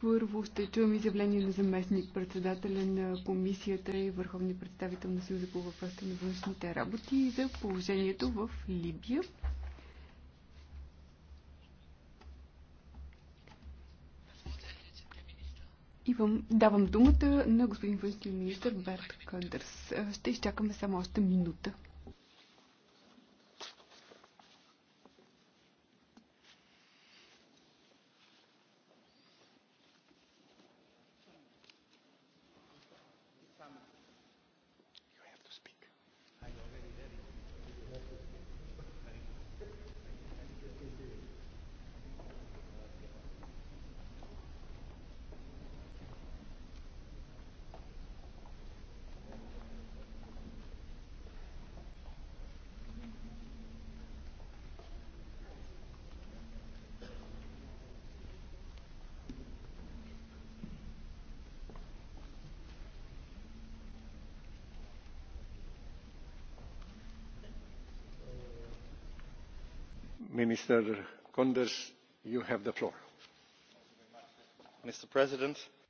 Първо ще чуем изявление на заместник председателя на комисията и върховния представител на Съюза по въпросите на външните работи за положението в Либия. вам давам думата на господин външния министр Берт Къндърс. Ще изчакаме само още минута.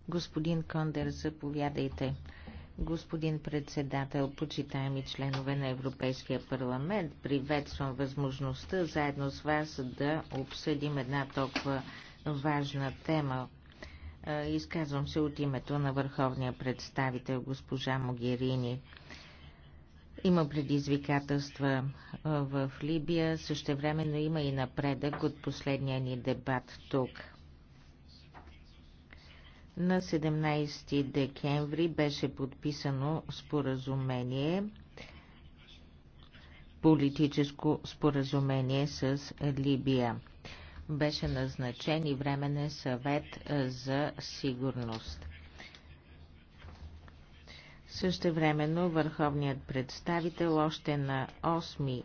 Господин Кондер, заповядайте. Господин председател, почитаеми членове на Европейския парламент, приветствам възможността заедно с вас да обсъдим една толкова важна тема. Е, изказвам се от името на върховния представител госпожа Могерини. Има предизвикателства в Либия, но има и напредък от последния ни дебат тук. На 17 декември беше подписано споразумение, политическо споразумение с Либия. Беше назначен и временен съвет за сигурност. Същевременно върховният представител още на 8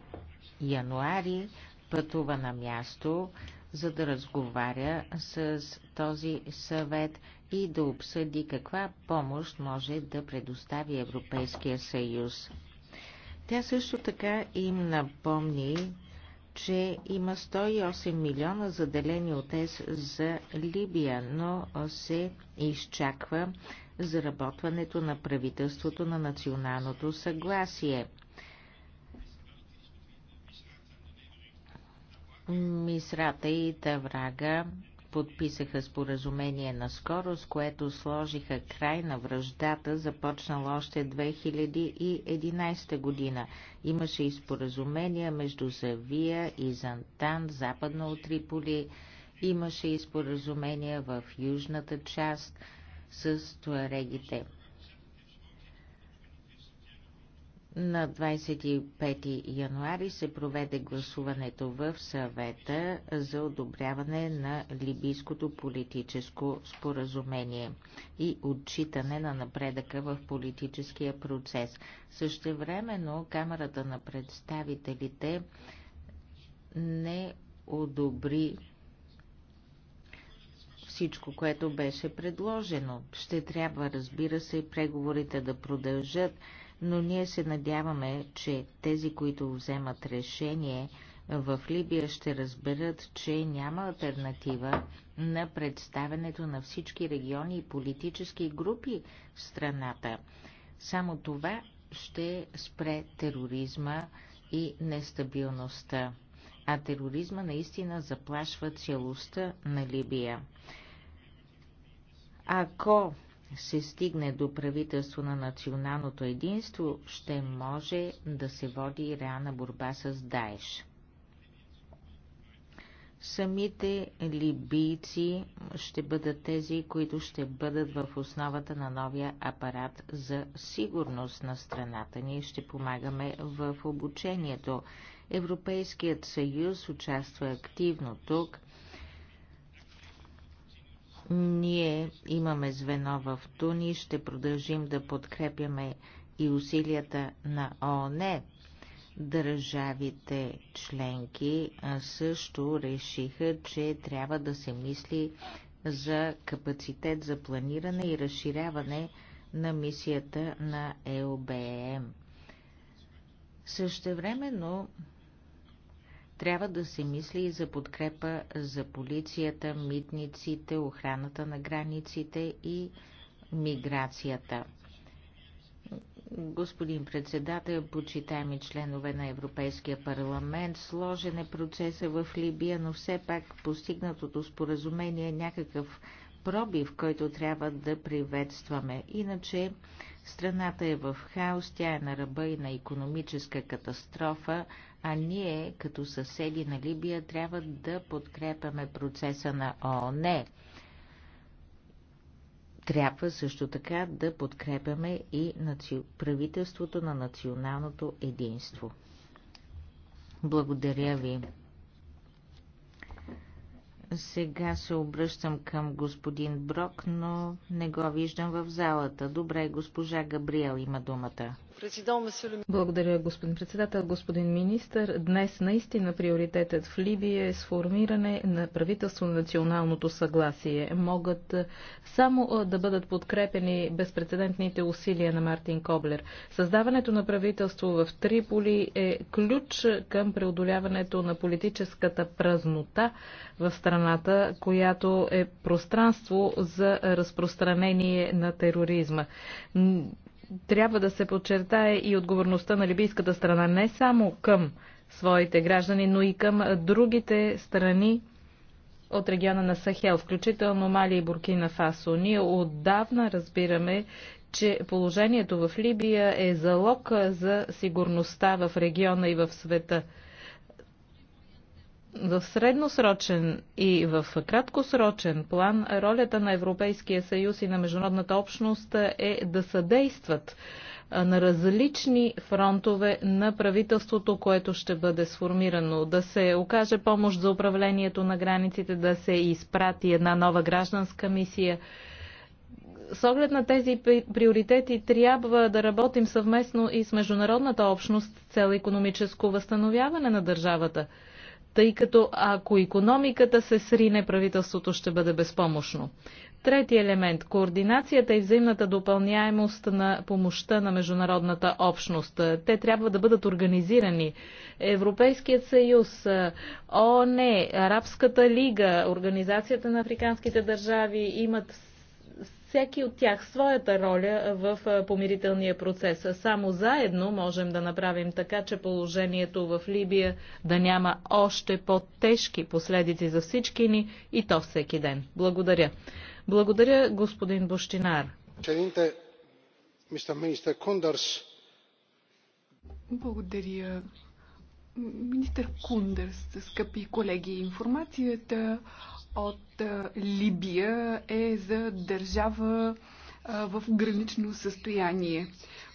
януари пътува на място, за да разговаря с този съвет и да обсъди каква помощ може да предостави Европейския съюз. Тя също така им напомни, че има 108 милиона заделени от ЕС за Либия, но се изчаква заработването на правителството на националното съгласие. Мисрата и Таврага подписаха споразумение на скорост, което сложиха край на връждата, започнала още 2011 година. Имаше и споразумения между Савия и Зантан, западно от Триполи. Имаше и споразумения в южната част – с туарегите. На 25 януари се проведе гласуването в съвета за одобряване на либийското политическо споразумение и отчитане на напредъка в политическия процес. Същевременно Камерата на представителите не одобри всичко, което беше предложено. Ще трябва, разбира се, преговорите да продължат, но ние се надяваме, че тези, които вземат решение в Либия, ще разберат, че няма альтернатива на представенето на всички региони и политически групи в страната. Само това ще спре тероризма и нестабилността а тероризма наистина заплашва целостта на Либия. Ако се стигне до правителство на националното единство, ще може да се води реална борба с Даеш. Самите либийци ще бъдат тези, които ще бъдат в основата на новия апарат за сигурност на страната. Ние ще помагаме в обучението. Европейският съюз участва активно тук – ние имаме звено в Туни, ще продължим да подкрепяме и усилията на ООН. Държавите членки също решиха, че трябва да се мисли за капацитет за планиране и разширяване на мисията на ЕОБМ. Е Същевременно трябва да се мисли и за подкрепа за полицията, митниците, охраната на границите и миграцията. Господин председател, почитаеми членове на Европейския парламент, сложен е процеса в Либия, но все пак постигнатото споразумение е някакъв пробив, който трябва да приветстваме. Иначе страната е в хаос, тя е на ръба и на економическа катастрофа, а ние като съседи на Либия трябва да подкрепяме процеса на ООН. Трябва също така да подкрепяме и правителството на националното единство. Благодаря ви. Сега се обръщам към господин Брок, но не го виждам в залата. Добре, госпожа Габриел има думата. Благодаря, господин председател, господин министр. Днес наистина приоритетът в Либия е сформиране на правителство на националното съгласие. Могат само да бъдат подкрепени безпредседентните усилия на Мартин Коблер. Създаването на правителство в Триполи е ключ към преодоляването на политическата празнота в страната, която е пространство за разпространение на тероризма трябва да се подчертае и отговорността на либийската страна не само към своите граждани, но и към другите страни от региона на Сахел, включително Мали и Буркина Фасо. Ние отдавна разбираме, че положението в Либия е залог за сигурността в региона и в света. В средносрочен и в краткосрочен план ролята на Европейския съюз и на международната общност е да съдействат на различни фронтове на правителството, което ще бъде сформирано. Да се окаже помощ за управлението на границите, да се изпрати една нова гражданска мисия. С оглед на тези приоритети трябва да работим съвместно и с международната общност с цел економическо възстановяване на държавата тъй като ако економиката се срине, правителството ще бъде безпомощно. Трети елемент – координацията и взаимната допълняемост на помощта на международната общност. Те трябва да бъдат организирани. Европейският съюз, ООН, е, Арабската лига, Организацията на африканските държави имат всеки от тях своята роля в помирителния процес. Само заедно можем да направим така, че положението в Либия да няма още по-тежки последици за всички ни и то всеки ден. Благодаря. Благодаря, господин Бощинар. Благодаря, Министър Кундърс, скъпи колеги, информацията от Либия е за държава в гранично състояние.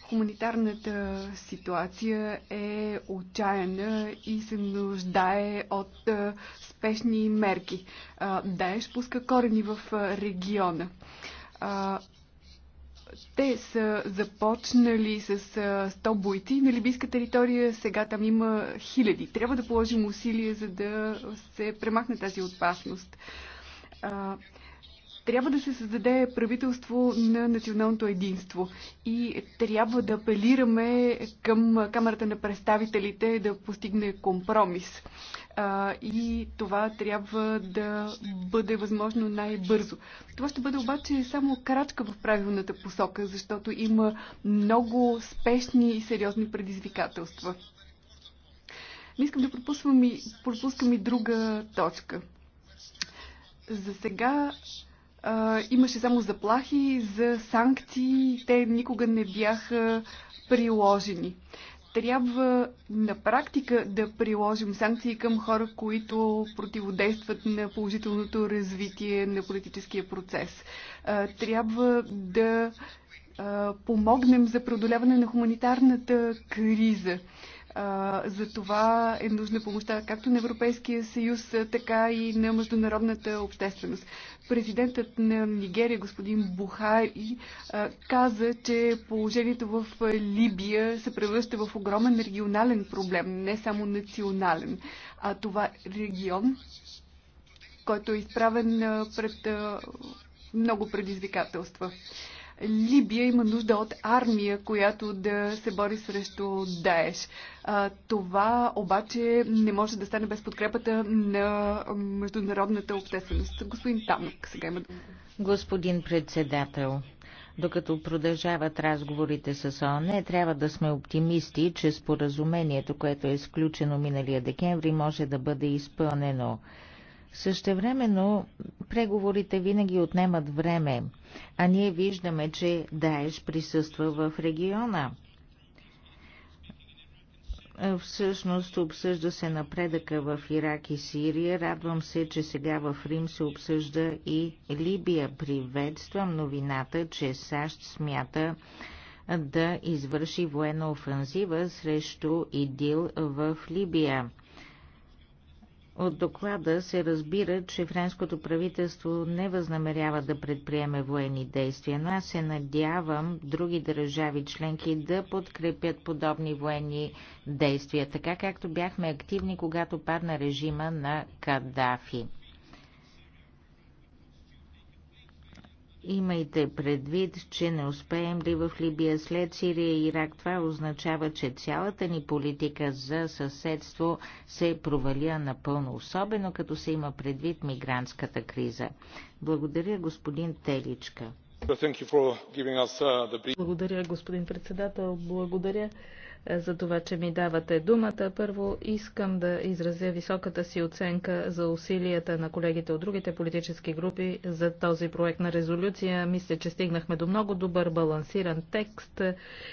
Хуманитарната ситуация е отчаяна и се нуждае от спешни мерки. Даеш пуска корени в региона те са започнали с 100 бойци на либийска територия, сега там има хиляди. Трябва да положим усилия, за да се премахне тази опасност. Трябва да се създаде правителство на националното единство и трябва да апелираме към Камерата на представителите да постигне компромис а, и това трябва да бъде възможно най-бързо. Това ще бъде обаче само крачка в правилната посока, защото има много спешни и сериозни предизвикателства. Не искам да пропускам и, пропускам и друга точка. За сега а, имаше само заплахи за санкции, те никога не бяха приложени трябва на практика да приложим санкции към хора, които противодействат на положителното развитие на политическия процес. Трябва да помогнем за преодоляване на хуманитарната криза. За това е нужна помощта както на Европейския съюз, така и на международната общественост. Президентът на Нигерия, господин Бухари, каза, че положението в Либия се превръща в огромен регионален проблем, не само национален. А това е регион, който е изправен пред много предизвикателства. Либия има нужда от армия, която да се бори срещу Даеш. Това обаче не може да стане без подкрепата на международната общественост. Господин Тамък сега има. Господин председател, докато продължават разговорите с ООН, трябва да сме оптимисти, че споразумението, което е изключено миналия декември, може да бъде изпълнено. Същевременно преговорите винаги отнемат време, а ние виждаме, че Даеш присъства в региона. Всъщност обсъжда се напредъка в Ирак и Сирия. Радвам се, че сега в Рим се обсъжда и Либия. Приветствам новината, че САЩ смята да извърши военна офанзива срещу ИДИЛ в Либия. От доклада се разбира, че френското правителство не възнамерява да предприеме военни действия, но аз се надявам други държави членки да подкрепят подобни военни действия, така както бяхме активни, когато падна режима на Кадафи. Имайте предвид, че не успеем ли в Либия след Сирия и Ирак, това означава, че цялата ни политика за съседство се провалия напълно, особено като се има предвид мигрантската криза. Благодаря, господин Теличка. Uh, Благодаря, господин председател. Благодаря за това, че ми давате думата. Първо искам да изразя високата си оценка за усилията на колегите от другите политически групи за този проект на резолюция. Мисля, че стигнахме до много добър балансиран текст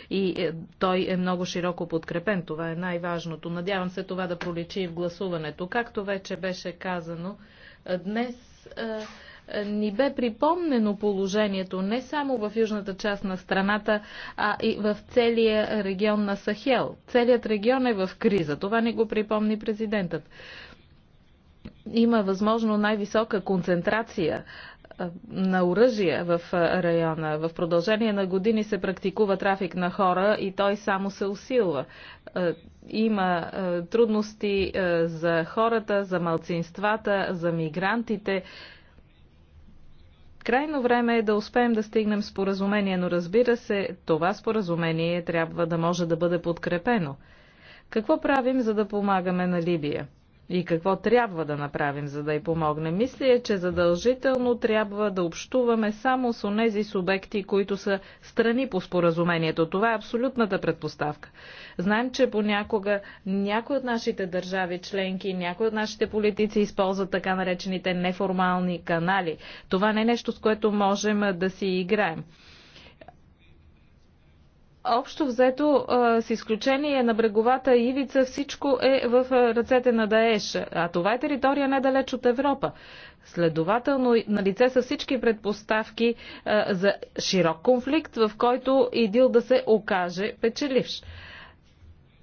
и е, той е много широко подкрепен. Това е най-важното. Надявам се това да проличи в гласуването. Както вече беше казано, днес е, ни бе припомнено положението не само в южната част на страната, а и в целия регион на Сахел. Целият регион е в криза. Това не го припомни президентът. Има възможно най-висока концентрация на оръжия в района. В продължение на години се практикува трафик на хора и той само се усилва. Има трудности за хората, за малцинствата, за мигрантите. Крайно време е да успеем да стигнем споразумение, но разбира се, това споразумение трябва да може да бъде подкрепено. Какво правим, за да помагаме на Либия? и какво трябва да направим, за да й Мисли Мисля, че задължително трябва да общуваме само с онези субекти, които са страни по споразумението. Това е абсолютната предпоставка. Знаем, че понякога някои от нашите държави членки, някои от нашите политици използват така наречените неформални канали. Това не е нещо, с което можем да си играем. Общо взето, с изключение на бреговата ивица, всичко е в ръцете на Даеш, а това е територия недалеч от Европа. Следователно, на лице са всички предпоставки за широк конфликт, в който Идил да се окаже печеливш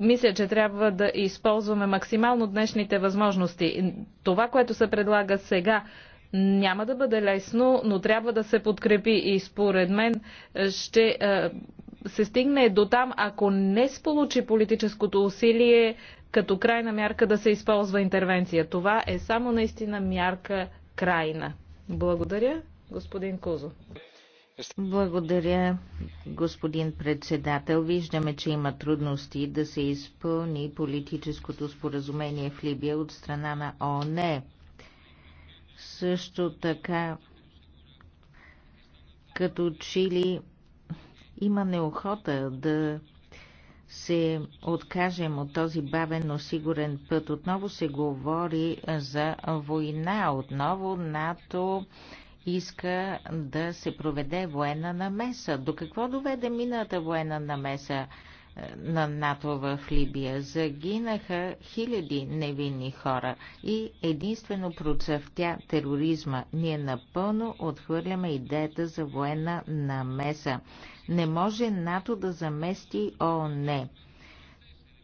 мисля, че трябва да използваме максимално днешните възможности. Това, което се предлага сега, няма да бъде лесно, но трябва да се подкрепи и според мен ще се стигне до там, ако не сполучи политическото усилие като крайна мярка да се използва интервенция. Това е само наистина мярка крайна. Благодаря, господин Кузо. Благодаря, господин председател. Виждаме, че има трудности да се изпълни политическото споразумение в Либия от страна на ООН. Също така, като че ли има неохота да се откажем от този бавен, но сигурен път. Отново се говори за война. Отново НАТО иска да се проведе военна намеса. До какво доведе мината военна намеса? на НАТО в Либия. Загинаха хиляди невинни хора и единствено процъфтя тероризма. Ние напълно отхвърляме идеята за военна намеса. Не може НАТО да замести ООН.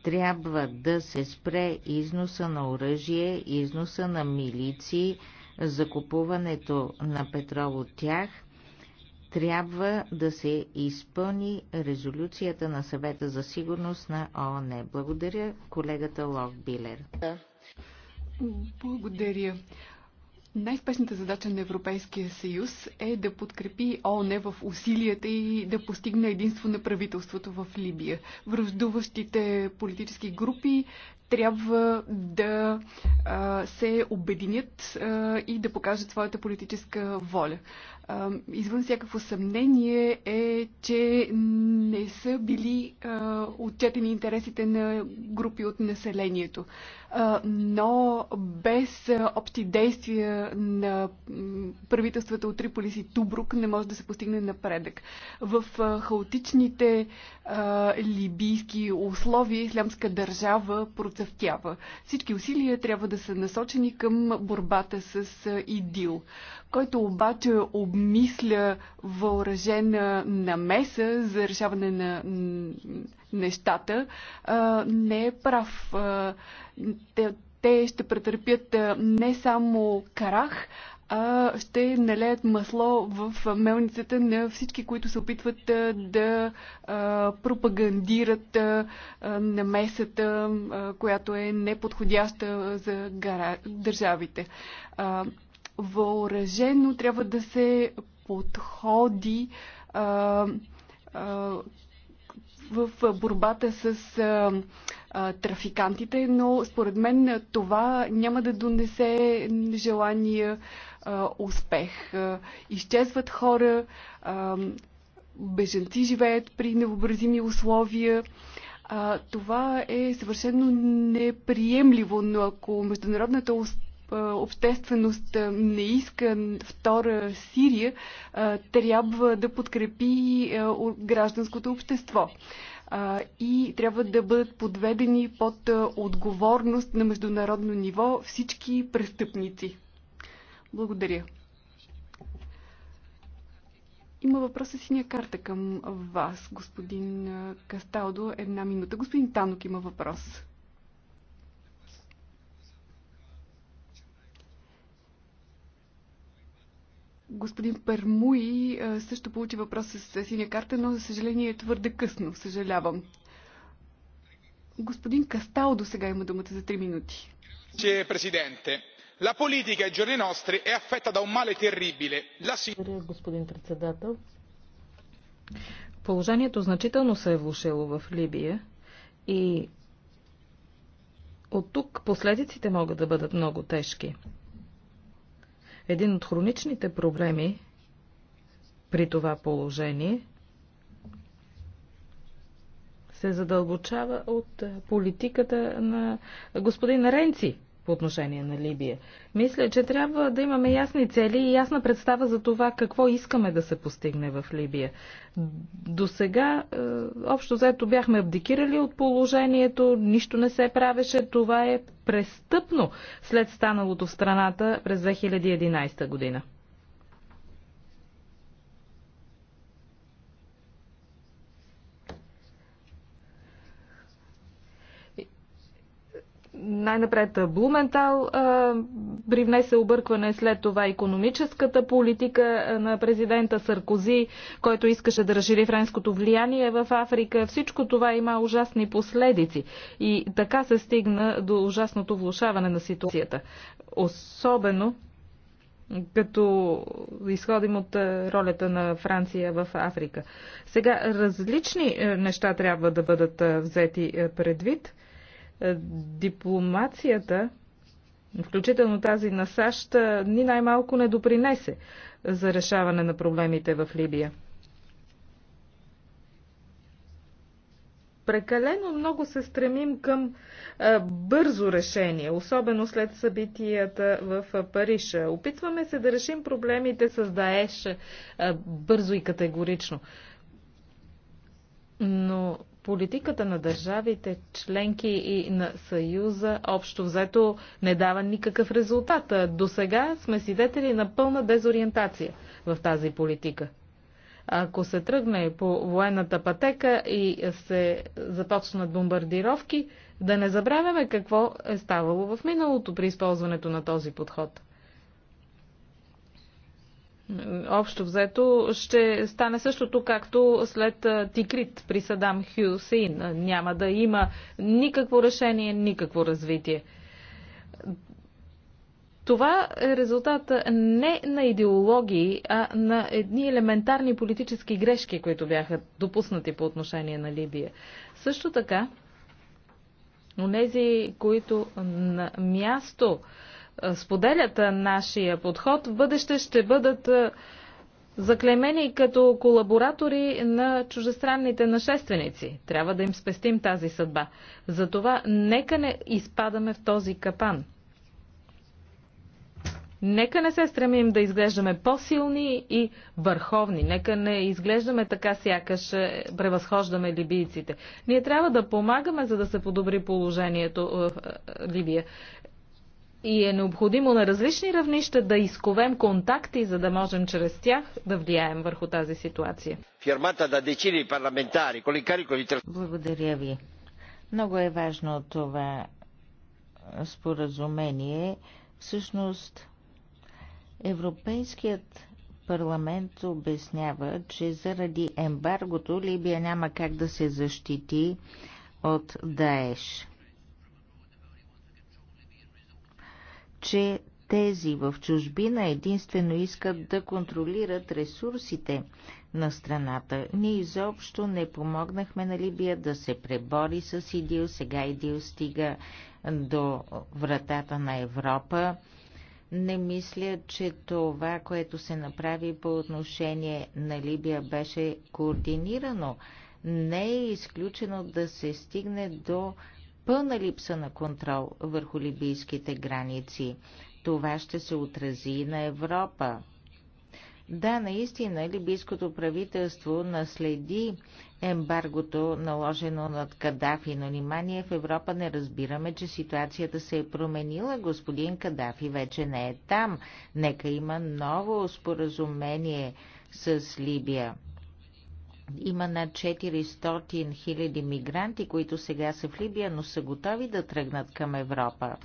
Трябва да се спре износа на оръжие, износа на милиции, закупуването на петрол от тях – трябва да се изпълни резолюцията на съвета за сигурност на ООН. Благодаря колегата Лок Билер. Благодаря. Най-спешната задача на Европейския съюз е да подкрепи ООН в усилията и да постигне единство на правителството в Либия. Връждуващите политически групи трябва да а, се обединят а, и да покажат своята политическа воля. А, извън всякакво съмнение е, че не са били а, отчетени интересите на групи от населението. А, но без общи действия на правителствата от Триполис и Тубрук не може да се постигне напредък. В а, хаотичните а, либийски условия Ислямска държава процъфтява. Всички усилия трябва да са насочени към борбата с ИДИЛ, който обаче обмисля въоръжена намеса за решаване на нещата, не е прав те ще претърпят не само карах, а ще налеят масло в мелницата на всички, които се опитват да пропагандират намесата, която е неподходяща за държавите. Въоръжено трябва да се подходи в борбата с а, а, трафикантите, но според мен това няма да донесе желания а, успех. А, изчезват хора, а, беженци живеят при невообразими условия. А, това е съвършено неприемливо, но ако международната общественост не иска втора Сирия, трябва да подкрепи гражданското общество. И трябва да бъдат подведени под отговорност на международно ниво всички престъпници. Благодаря. Има въпрос с синя карта към вас, господин Касталдо. Една минута. Господин Танок има въпрос. Господин Пермуи също получи въпрос с синя карта, но за съжаление е твърде късно. Съжалявам. Господин Касталдо сега има думата за 3 минути. Че, президенте, la politica ai giorni nostri è affetta da un male terribile la Положението значително се е влушило в Либия и от тук последиците могат да бъдат много тежки. Един от хроничните проблеми при това положение се задълбочава от политиката на господин Ренци, по отношение на Либия. Мисля, че трябва да имаме ясни цели и ясна представа за това какво искаме да се постигне в Либия. До сега, е, общо взето, бяхме абдикирали от положението, нищо не се правеше. Това е престъпно след станалото в страната през 2011 година. най-напред Блументал привнесе объркване след това економическата политика на президента Саркози, който искаше да разшири френското влияние в Африка. Всичко това има ужасни последици и така се стигна до ужасното влушаване на ситуацията. Особено като изходим от ролята на Франция в Африка. Сега различни неща трябва да бъдат взети предвид. Е, дипломацията, включително тази на САЩ, е, ни най-малко не допринесе за решаване на проблемите в Либия. Прекалено много се стремим към а, е, бързо решение, особено след събитията в а, Париж. Опитваме се да решим проблемите с Даеш а, бързо и категорично. Но политиката на държавите членки и на Съюза общо взето не дава никакъв резултат. До сега сме свидетели на пълна дезориентация в тази политика. Ако се тръгне по военната пътека и се започнат бомбардировки, да не забравяме какво е ставало в миналото при използването на този подход общо взето ще стане същото както след Тикрит при Садам Хюсейн. Няма да има никакво решение, никакво развитие. Това е резултат не на идеологии, а на едни елементарни политически грешки, които бяха допуснати по отношение на Либия. Също така, онези, които на място споделят нашия подход, в бъдеще ще бъдат заклемени като колаборатори на чужестранните нашественици. Трябва да им спестим тази съдба. Затова нека не изпадаме в този капан. Нека не се стремим да изглеждаме по-силни и върховни. Нека не изглеждаме така сякаш е, превъзхождаме либийците. Ние трябва да помагаме, за да се подобри положението в е, Либия и е необходимо на различни равнища да изковем контакти, за да можем чрез тях да влияем върху тази ситуация. Благодаря ви. Много е важно това споразумение. Всъщност, Европейският парламент обяснява, че заради ембаргото Либия няма как да се защити от Даеш. че тези в чужбина единствено искат да контролират ресурсите на страната. Ние изобщо не помогнахме на Либия да се пребори с ИДИЛ. Сега ИДИЛ стига до вратата на Европа. Не мисля, че това, което се направи по отношение на Либия, беше координирано. Не е изключено да се стигне до пълна липса на контрол върху либийските граници. Това ще се отрази и на Европа. Да, наистина, либийското правителство наследи ембаргото, наложено над Кадафи, но нима ние в Европа не разбираме, че ситуацията се е променила. Господин Кадафи вече не е там. Нека има ново споразумение с Либия. Има над 400 000 мигранти, които сега са в Либия, но са готови да тръгнат към Европа.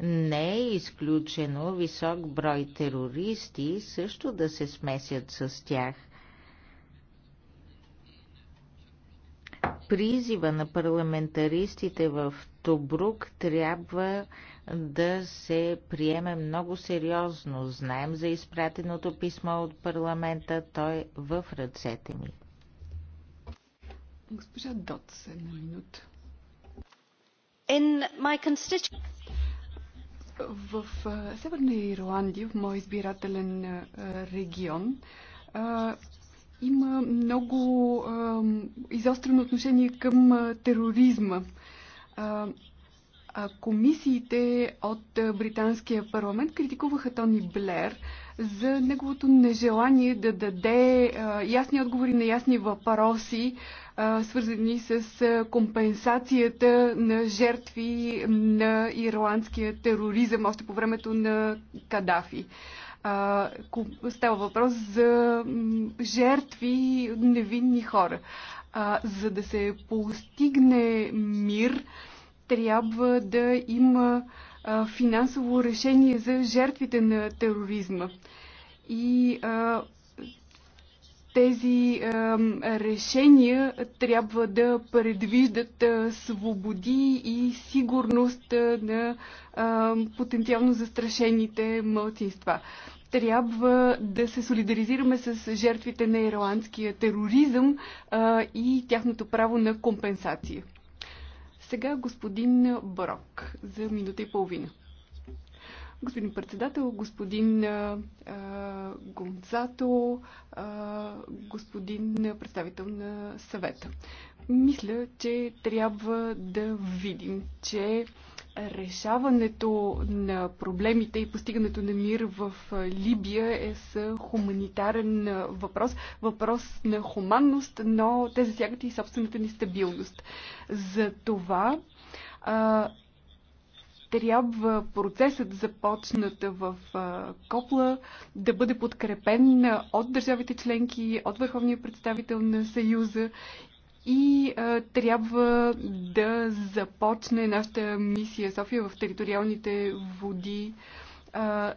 Не е изключено висок брой терористи също да се смесят с тях. Призива на парламентаристите в Тобрук трябва да се приеме много сериозно. Знаем за изпратеното писмо от парламента, той е в ръцете ми. Госпожа Дотс, една минута. In my constituency в Северна Ирландия, в мой избирателен регион, има много изострено отношение към тероризма. Комисиите от британския парламент критикуваха Тони Блер за неговото нежелание да даде ясни отговори на ясни въпроси свързани с компенсацията на жертви на ирландския тероризъм още по времето на Кадафи. Става въпрос за жертви невинни хора. За да се постигне мир, трябва да има финансово решение за жертвите на тероризма. И а, тези е, решения трябва да предвиждат е, свободи и сигурност е, на е, потенциално застрашените мълцинства. Трябва да се солидаризираме с жертвите на ирландския тероризъм е, и тяхното право на компенсация. Сега господин Брок за минута и половина. Господин председател, господин а, Гонцато, а, господин представител на съвета. Мисля, че трябва да видим, че решаването на проблемите и постигането на мир в Либия е с хуманитарен въпрос, въпрос на хуманност, но те засягат и собствената ни стабилност. За това а, трябва процесът започната в Копла да бъде подкрепен от държавите членки, от върховния представител на Съюза и а, трябва да започне нашата мисия София в териториалните води а,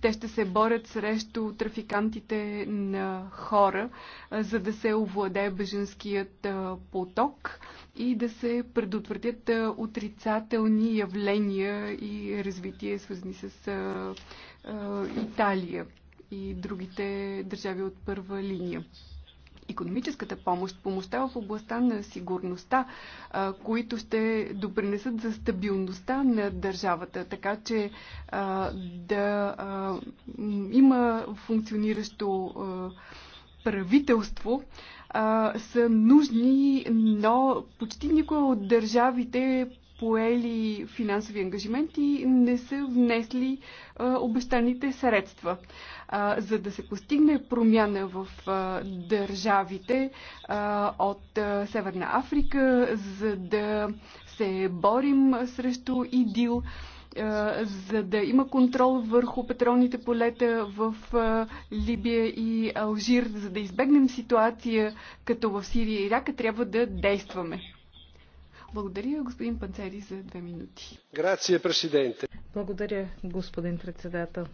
те ще се борят срещу трафикантите на хора, за да се овладее беженският поток и да се предотвратят отрицателни явления и развитие, свързани с Италия и другите държави от първа линия економическата помощ, помощта в областта на сигурността, които ще допринесат за стабилността на държавата, така че да има функциониращо правителство а, са нужни, но почти никой от държавите поели финансови ангажименти не са внесли а, обещаните средства за да се постигне промяна в държавите от Северна Африка, за да се борим срещу ИДИЛ за да има контрол върху петролните полета в Либия и Алжир, за да избегнем ситуация като в Сирия и Ирака, трябва да действаме. Благодаря, господин Панцери, за две минути. Грация, президенте. Благодаря, господин председател.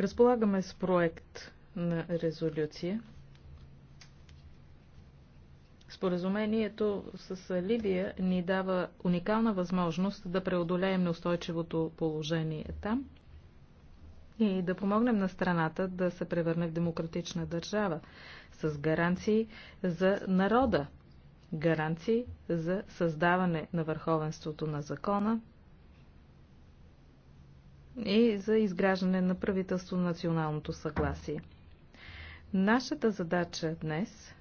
Разполагаме с проект на резолюция. Споразумението с Ливия ни дава уникална възможност да преодолеем неустойчивото положение там и да помогнем на страната да се превърне в демократична държава с гаранции за народа, гаранции за създаване на върховенството на закона, и за изграждане на правителство на националното съгласие. Нашата задача днес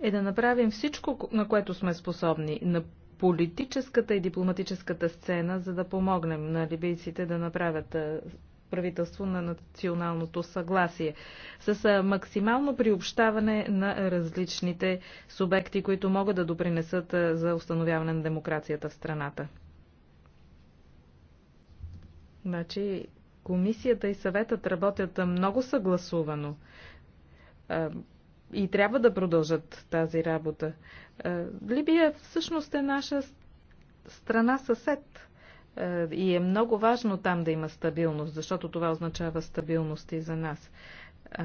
е да направим всичко, на което сме способни, на политическата и дипломатическата сцена, за да помогнем на либийците да направят правителство на националното съгласие, с максимално приобщаване на различните субекти, които могат да допринесат за установяване на демокрацията в страната. Значи, комисията и съветът работят много съгласувано и трябва да продължат тази работа. Либия всъщност е наша страна съсед. Е, и е много важно там да има стабилност, защото това означава стабилност и за нас. Е,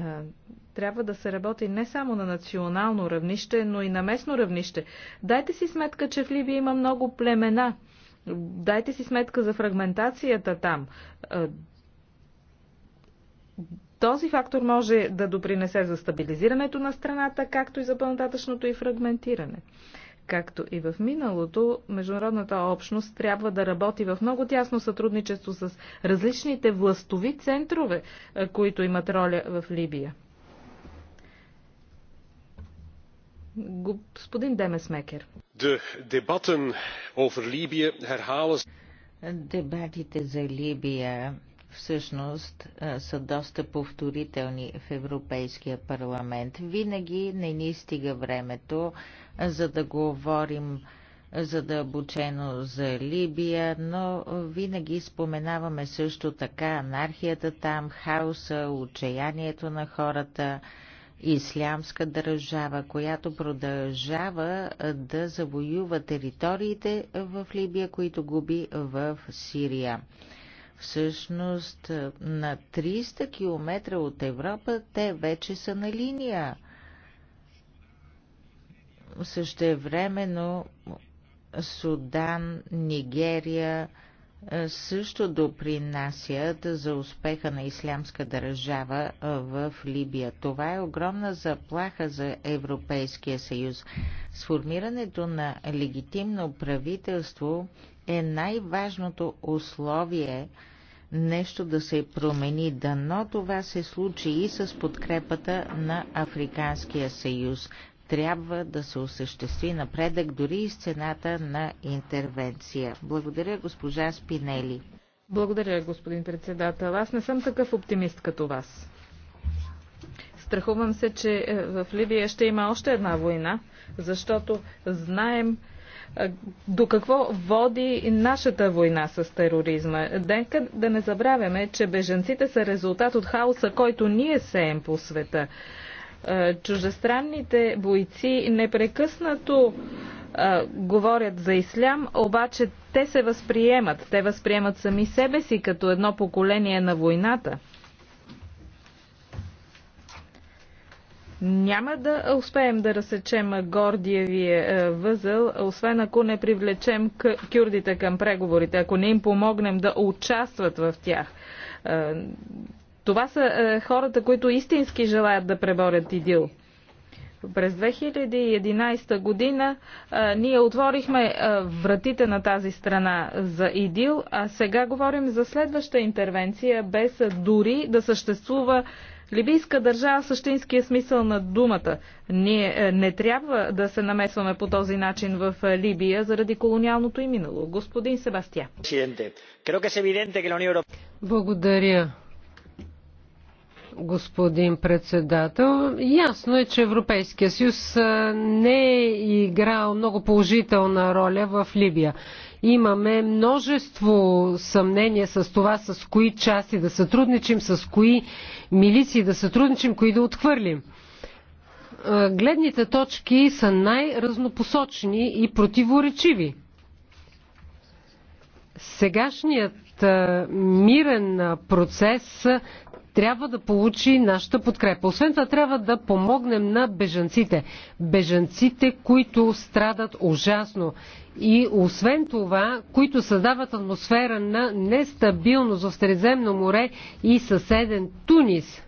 трябва да се работи не само на национално равнище, но и на местно равнище. Дайте си сметка, че в Либия има много племена. Дайте си сметка за фрагментацията там. Е, този фактор може да допринесе за стабилизирането на страната, както и за пълнататъчното и фрагментиране. Както и в миналото, международната общност трябва да работи в много тясно сътрудничество с различните властови центрове, които имат роля в Либия. Господин Демесмекер. Дебатите за Либия всъщност са доста повторителни в Европейския парламент. Винаги не ни стига времето, за да говорим задълбочено да за Либия, но винаги споменаваме също така анархията там, хаоса, отчаянието на хората, ислямска държава, която продължава да завоюва териториите в Либия, които губи в Сирия. Всъщност на 300 км от Европа те вече са на линия. Същевременно Судан, Нигерия е, също допринасят за успеха на ислямска държава е, в Либия. Това е огромна заплаха за Европейския съюз. Сформирането на легитимно правителство е най-важното условие – нещо да се промени. Дано това се случи и с подкрепата на Африканския съюз. Трябва да се осъществи напредък дори и с цената на интервенция. Благодаря, госпожа Спинели. Благодаря, господин председател. Аз не съм такъв оптимист като вас. Страхувам се, че е, в Ливия ще има още една война, защото знаем, до какво води нашата война с тероризма. Денка да не забравяме, че беженците са резултат от хаоса, който ние сеем по света. Чужестранните бойци непрекъснато говорят за ислям, обаче те се възприемат. Те възприемат сами себе си като едно поколение на войната. Няма да успеем да разсечем Гордиевия е, възъл, освен ако не привлечем кюрдите към преговорите, ако не им помогнем да участват в тях. Е, това са е, хората, които истински желаят да преборят идил. През 2011 година а, ние отворихме а, вратите на тази страна за ИДИЛ, а сега говорим за следваща интервенция, без а, дори да съществува Либийска държава в същинския смисъл на думата. Ние е, не трябва да се намесваме по този начин в е, Либия заради колониалното и минало. Господин Себастия. Благодаря, господин председател. Ясно е, че Европейския съюз е, не е играл много положителна роля в Либия. Имаме множество съмнения с това с кои части да сътрудничим, с кои милиции да сътрудничим, кои да отхвърлим. Гледните точки са най-разнопосочни и противоречиви. Сегашният мирен процес трябва да получи нашата подкрепа. Освен това, трябва да помогнем на бежанците. Бежанците, които страдат ужасно. И освен това, които създават атмосфера на нестабилност в Средиземно море и съседен Тунис.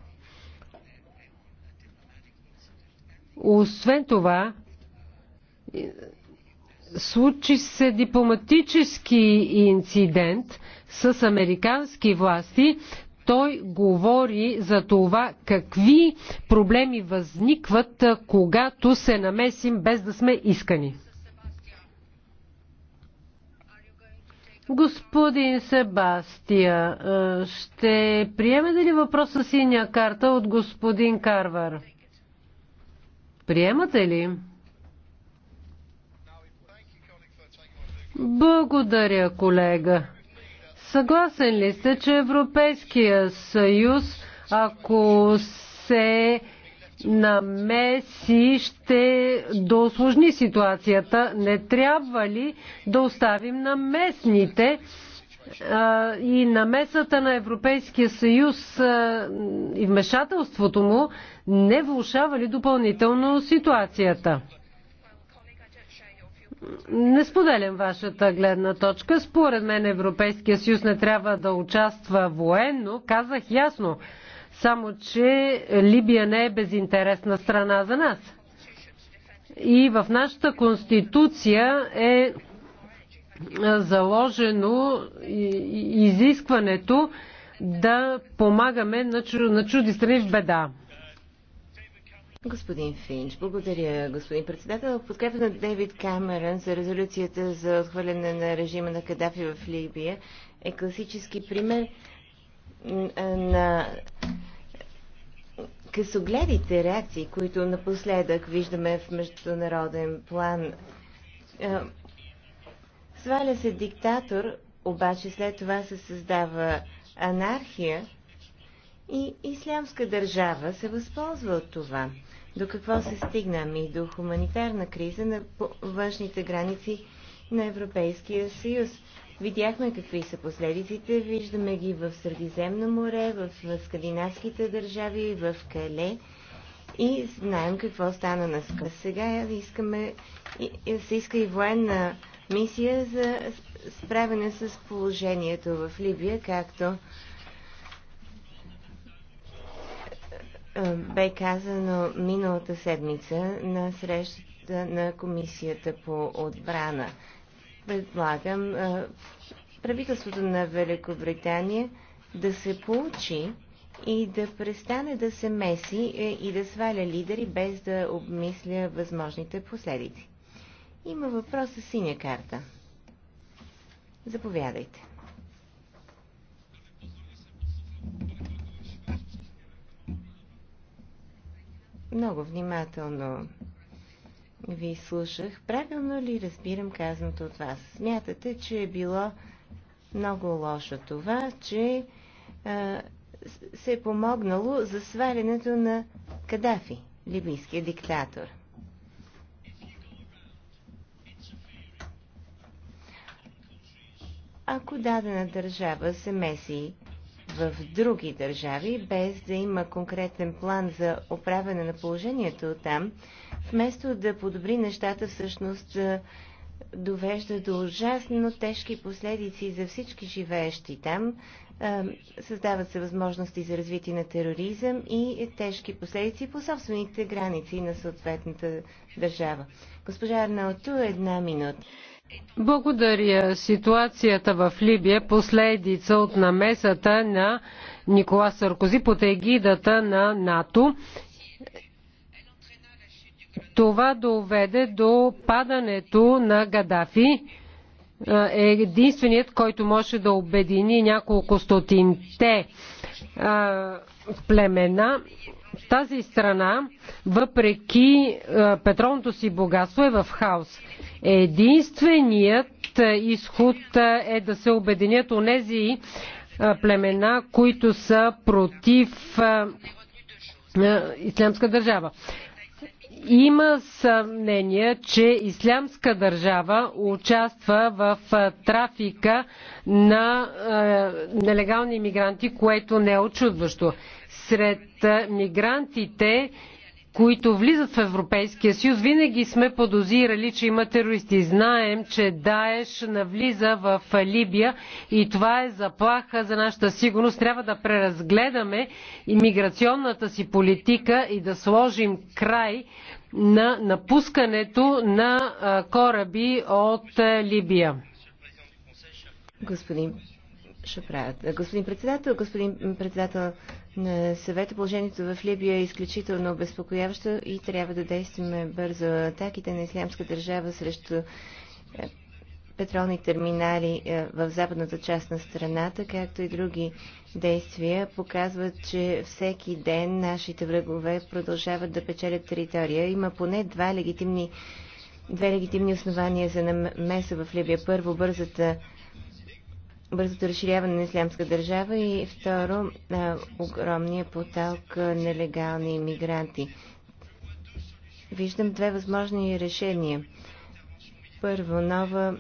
Освен това, случи се дипломатически инцидент с американски власти, той говори за това какви проблеми възникват, когато се намесим без да сме искани. Господин Себастия, ще приемете ли въпроса синя карта от господин Карвар? Приемате ли? Благодаря, колега. Съгласен ли сте, че Европейския съюз, ако се намеси, ще доосложни ситуацията? Не трябва ли да оставим на местните а, и намесата на Европейския съюз а, и вмешателството му не влушава ли допълнително ситуацията? не споделям вашата гледна точка. Според мен Европейския съюз не трябва да участва военно. Казах ясно, само че Либия не е безинтересна страна за нас. И в нашата конституция е, е заложено изискването да помагаме на чуди страни в беда. Господин Финч, благодаря, господин председател. В подкрепа на Дейвид Камерън за резолюцията за отхвърляне на режима на Кадафи в Либия е класически пример на късогледите реакции, които напоследък виждаме в международен план. Е, сваля се диктатор, обаче след това се създава анархия и ислямска държава се възползва от това. До какво се стигна? Ами до хуманитарна криза на външните граници на Европейския съюз. Видяхме какви са последиците, виждаме ги в Средиземно море, в скандинавските държави, в Кале и знаем какво стана на ска. Сега искаме, се иска и военна мисия за справяне с положението в Либия, както Е, бе казано миналата седмица на срещата на Комисията по отбрана. Предлагам е, правителството на Великобритания да се получи и да престане да се меси е, и да сваля лидери без да обмисля възможните последици. Има въпрос с синя карта. Заповядайте. много внимателно ви слушах. Правилно ли разбирам казаното от вас? Смятате, че е било много лошо това, че а, се е помогнало за свалянето на Кадафи, либийския диктатор. Ако дадена държава се меси в други държави, без да има конкретен план за оправяне на положението там, вместо да подобри нещата, всъщност довежда до ужасно тежки последици за всички живеещи там. Създават се възможности за развитие на тероризъм и тежки последици по собствените граници на съответната държава. Госпожа Арнауту, една минута. Благодаря. Ситуацията в Либия последица от намесата на Никола Саркози под егидата на НАТО. Това доведе до падането на Гадафи единственият, който може да обедини няколко стотинте племена тази страна, въпреки е, петролното си богатство, е в хаос. Единственият е, изход е, е да се обединят онези племена, които са против Ислямска държава. Има съмнение, че Ислямска държава участва в трафика на нелегални иммигранти, което не е очудващо сред мигрантите, които влизат в Европейския съюз, винаги сме подозирали, че има терористи. Знаем, че Даеш навлиза в Либия и това е заплаха за нашата сигурност. Трябва да преразгледаме имиграционната си политика и да сложим край на напускането на кораби от Либия. Господин Шапраят. Господин председател, господин председател на съвета. Положението в Либия е изключително обезпокояващо и трябва да действаме бързо. Атаките на Ислямска държава срещу е, петролни терминали е, в западната част на страната, както и други действия, показват, че всеки ден нашите врагове продължават да печелят територия. Има поне два легитимни, две легитимни основания за намеса в Либия. Първо, бързата бързото разширяване на Ислямска държава и второ огромния поток нелегални иммигранти. Виждам две възможни решения. Първо, нова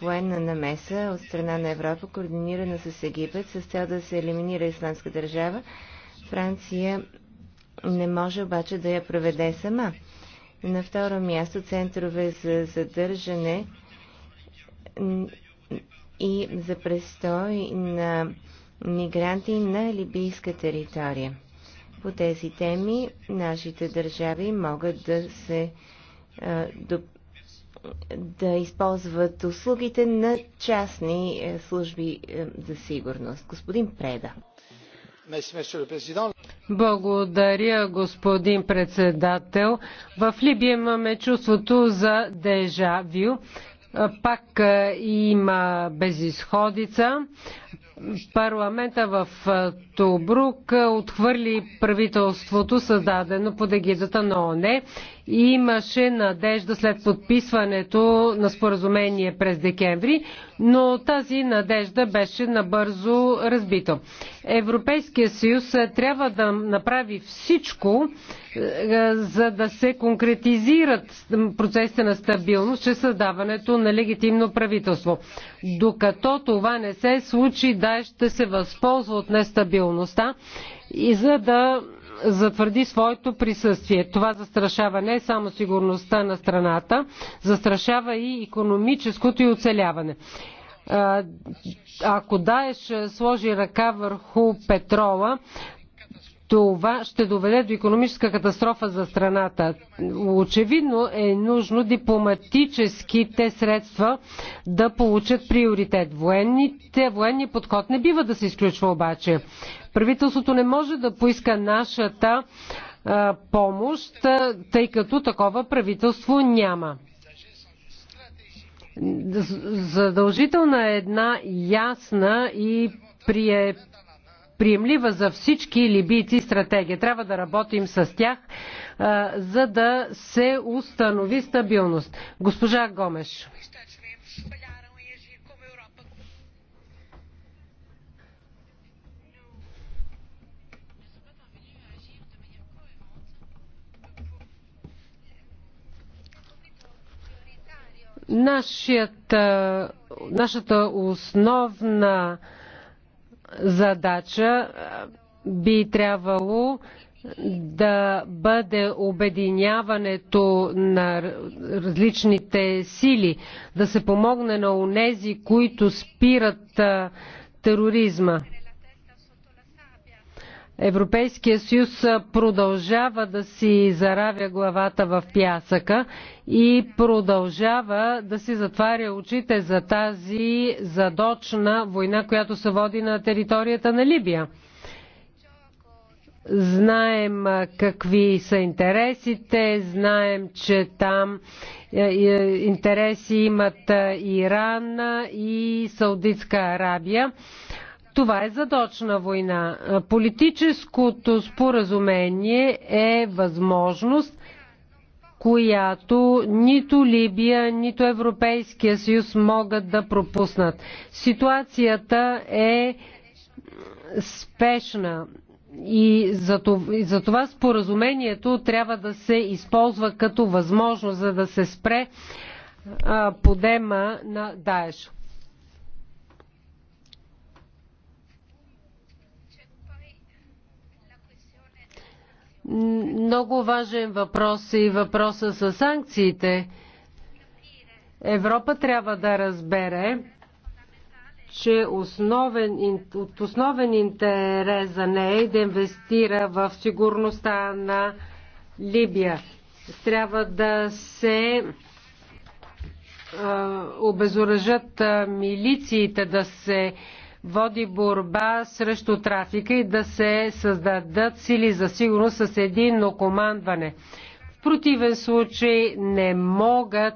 военна намеса от страна на Европа, координирана с Египет, с цел да се елиминира Исламска държава. Франция не може обаче да я проведе сама. На второ място, центрове за задържане и за престой на мигранти на либийска територия. По тези теми нашите държави могат да се до, да използват услугите на частни служби за сигурност. Господин Преда. Благодаря, господин председател. В Либия имаме чувството за дежавю пак има безисходица. Парламента в Тобрук отхвърли правителството, създадено под егидата на ОНЕ Имаше надежда след подписването на споразумение през декември, но тази надежда беше набързо разбита. Европейския съюз трябва да направи всичко, е, за да се конкретизират процесите на стабилност чрез създаването на легитимно правителство. Докато това не се случи, да ще се възползва от нестабилността и за да затвърди своето присъствие. Това застрашава не само сигурността на страната, застрашава и економическото и оцеляване. Ако Даеш сложи ръка върху петрола, това ще доведе до економическа катастрофа за страната. Очевидно е нужно дипломатическите средства да получат приоритет. Военните, военният подход не бива да се изключва обаче. Правителството не може да поиска нашата а, помощ, тъй като такова правителство няма. Задължителна е една ясна и прие приемлива за всички либийци стратегия. Трябва да работим с тях, за да се установи стабилност. Госпожа Гомеш. Нашата, нашата основна задача би трябвало да бъде обединяването на различните сили, да се помогне на онези, които спират тероризма. Европейския съюз продължава да си заравя главата в пясъка и продължава да си затваря очите за тази задочна война, която се води на територията на Либия. Знаем какви са интересите, знаем, че там е, е, интереси имат Иран и Саудитска Арабия това е задочна война. Политическото споразумение е възможност, която нито Либия, нито Европейския съюз могат да пропуснат. Ситуацията е спешна и за това, и за това споразумението трябва да се използва като възможност, за да се спре а, подема на Даеш. Много важен въпрос е и въпроса с санкциите. Европа трябва да разбере, че основен, от основен интерес за нея е да инвестира в сигурността на Либия. Трябва да се обезоръжат милициите, да се води борба срещу трафика и да се създадат сили за сигурност с единно командване. В противен случай не могат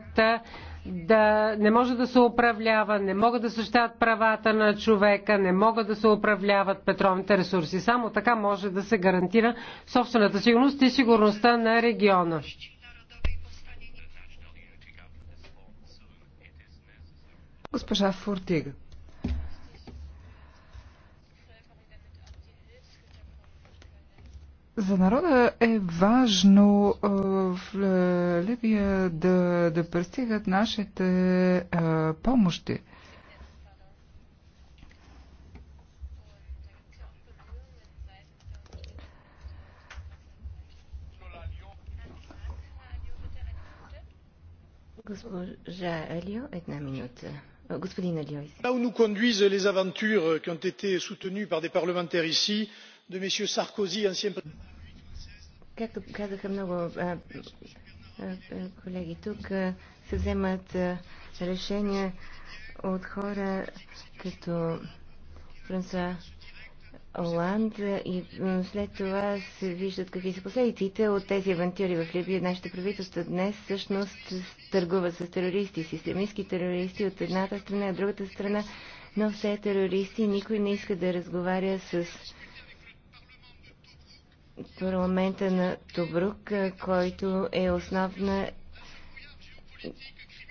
да не може да се управлява, не могат да съществуват правата на човека, не могат да се управляват петролните ресурси. Само така може да се гарантира собствената сигурност и сигурността на региона. Госпожа Фуртига. За народа е важно в Либия да, да пристигат нашите помощи. Госпожа Алио, една минута. Господин Алио. Là où nous conduisent les aventures qui ont été soutenues par des parlementaires ici, de M. Sarkozy, ancien Както казаха много а, а, колеги тук, а, се вземат а, решения от хора като Франсуа Оланд и след това се виждат какви са последиците от тези авантюри в Либия. Нашите правителства днес всъщност търгуват с терористи, с исламистски терористи от едната страна, от другата страна, но все терористи. Никой не иска да разговаря с парламента на Тобрук, който е основна,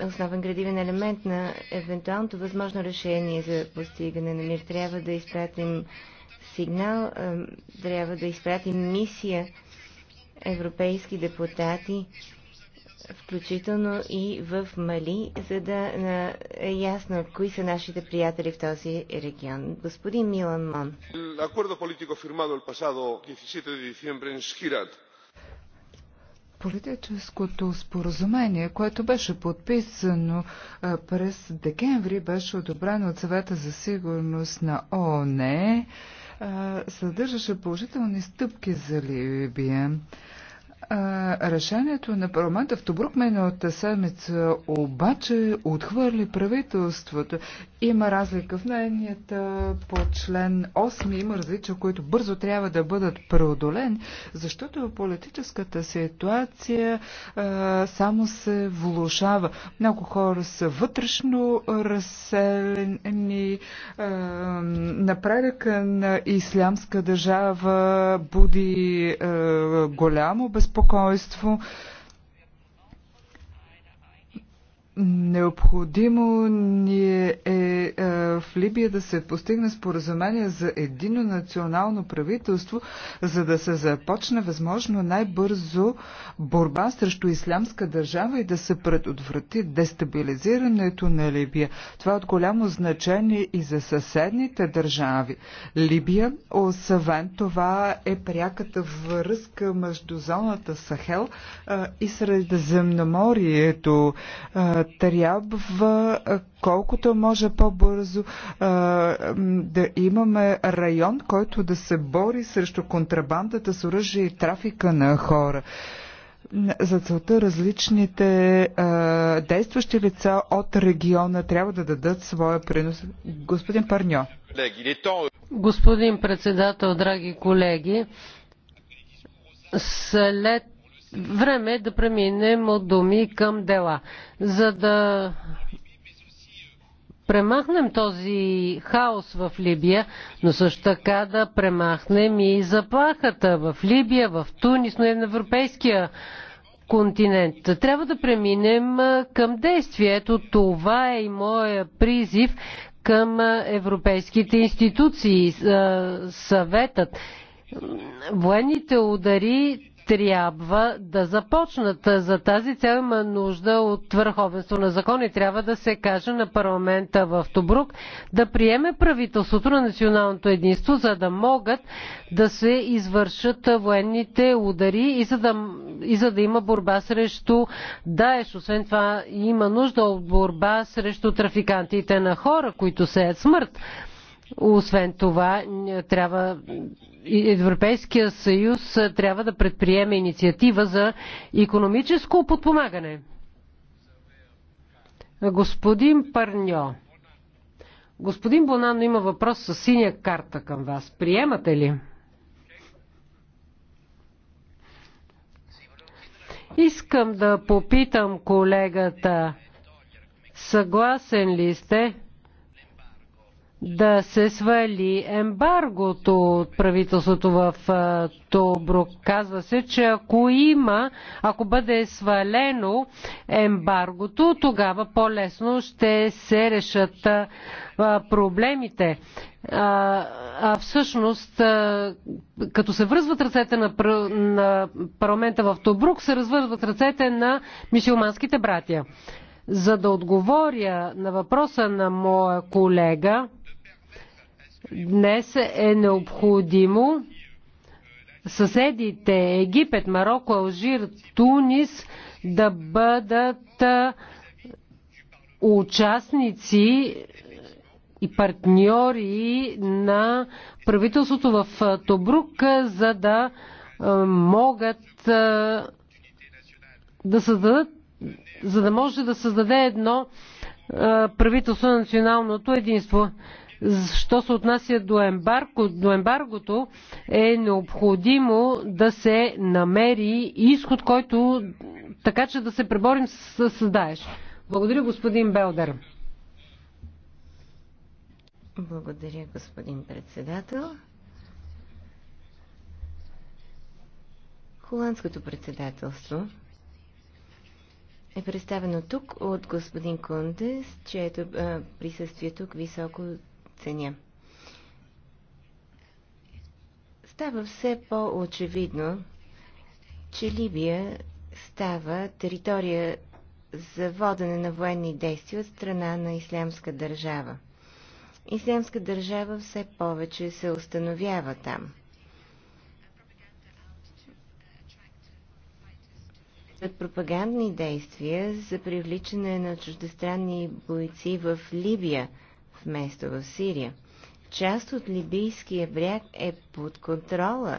основен градивен елемент на евентуалното възможно решение за постигане на мир. Трябва да изпратим сигнал, трябва да изпратим мисия европейски депутати включително и в Мали, за да е ясно кои са нашите приятели в този регион. Господин Милан Мон. Политическото споразумение, което беше подписано през декември, беше одобрено от съвета за сигурност на ООН, съдържаше положителни стъпки за Либия решението на парламента в Тобрук миналата седмица обаче отхвърли правителството. Има разлика в мненията по член 8. Има различия, които бързо трябва да бъдат преодолени, защото политическата ситуация а, само се влушава. Много хора са вътрешно разселени. напредъка на ислямска държава буди а, голямо безпокойство безпокойство. Необходимо ни е, е в Либия да се постигне споразумение за едино национално правителство, за да се започне възможно най-бързо борба срещу ислямска държава и да се предотврати дестабилизирането на Либия. Това е от голямо значение и за съседните държави. Либия, освен това, е пряката връзка между зоната Сахел и Средиземноморието трябва колкото може по-бързо да имаме район, който да се бори срещу контрабандата с оръжие и трафика на хора за целта различните а, действащи лица от региона трябва да дадат своя принос. Господин Парньо. Господин председател, драги колеги, след Време е да преминем от думи към дела. За да премахнем този хаос в Либия, но също така да премахнем и заплахата в Либия, в Тунис, но и на европейския континент. Трябва да преминем към действието. Това е и моя призив към европейските институции, съветът. Военните удари трябва да започнат. За тази цел има нужда от върховенство на закон и трябва да се каже на парламента в Тобрук да приеме правителството на националното единство, за да могат да се извършат военните удари и за да, и за да има борба срещу Даеш. Освен това има нужда от борба срещу трафикантите на хора, които сеят смърт. Освен това, трябва, Европейския съюз трябва да предприеме инициатива за економическо подпомагане. Господин Парньо, господин Бонан има въпрос с синя карта към вас. Приемате ли? Искам да попитам колегата, съгласен ли сте да се свали ембаргото от правителството в Тобрук. Казва се, че ако има, ако бъде свалено ембаргото, тогава по-лесно ще се решат проблемите. А, а всъщност, като се връзват ръцете на, на парламента в Тобрук, се развързват ръцете на мисиоманските братия. За да отговоря на въпроса на моя колега, Днес е необходимо съседите Египет, Марокко, Алжир, Тунис да бъдат участници и партньори на правителството в Тобрук, за да могат да създадат, за да може да създаде едно правителство на националното единство. Що се отнася до, ембарго, до ембаргото, е необходимо да се намери изход, който така че да се преборим с, с Даеш. Благодаря, господин Белдер. Благодаря, господин председател. Холандското председателство е представено тук от господин Кондес, чието присъствие тук високо ценя. Става все по-очевидно, че Либия става територия за водене на военни действия от страна на Ислямска държава. Ислямска държава все повече се установява там. От пропагандни действия за привличане на чуждестранни бойци в Либия – вместо в Сирия. Част от Либийския бряг е под контрола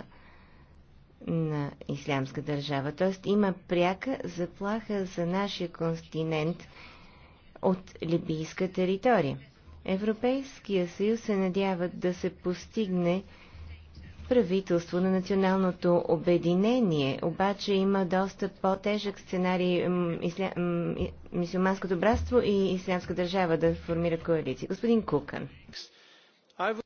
на Ислямска държава, т.е. има пряка заплаха за нашия континент от либийска територия. Европейския съюз се надява да се постигне правителство на националното обединение. Обаче има доста по-тежък сценарий мисюлманското братство и ислямска държава да формира коалиции. Господин Кукан.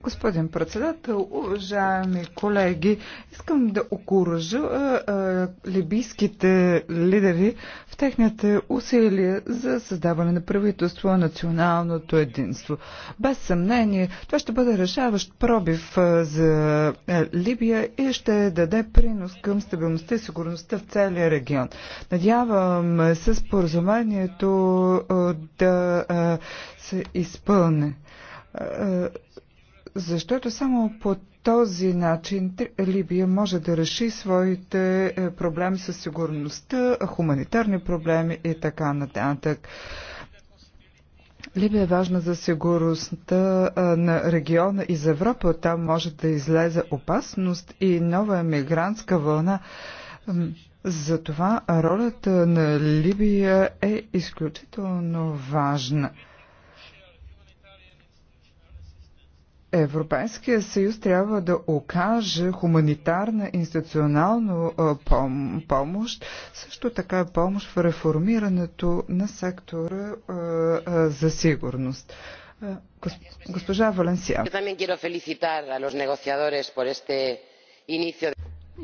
Господин председател, уважаеми колеги, искам да окоръжа либийските лидери в техните усилия за създаване на правителство на националното единство. Без съмнение, това ще бъде решаващ пробив за Либия и ще даде принос към стабилността и сигурността в целия регион. Надявам се споразумението да се изпълне защото само по този начин Либия може да реши своите е, проблеми със сигурността, хуманитарни проблеми и така нататък. Либия е важна за сигурността е, на региона и за Европа. Там може да излезе опасност и нова мигрантска вълна. Затова ролята на Либия е изключително важна. Европейския съюз трябва да окаже хуманитарна институционална помощ, също така помощ в реформирането на сектора за сигурност. Госпожа Валенсия.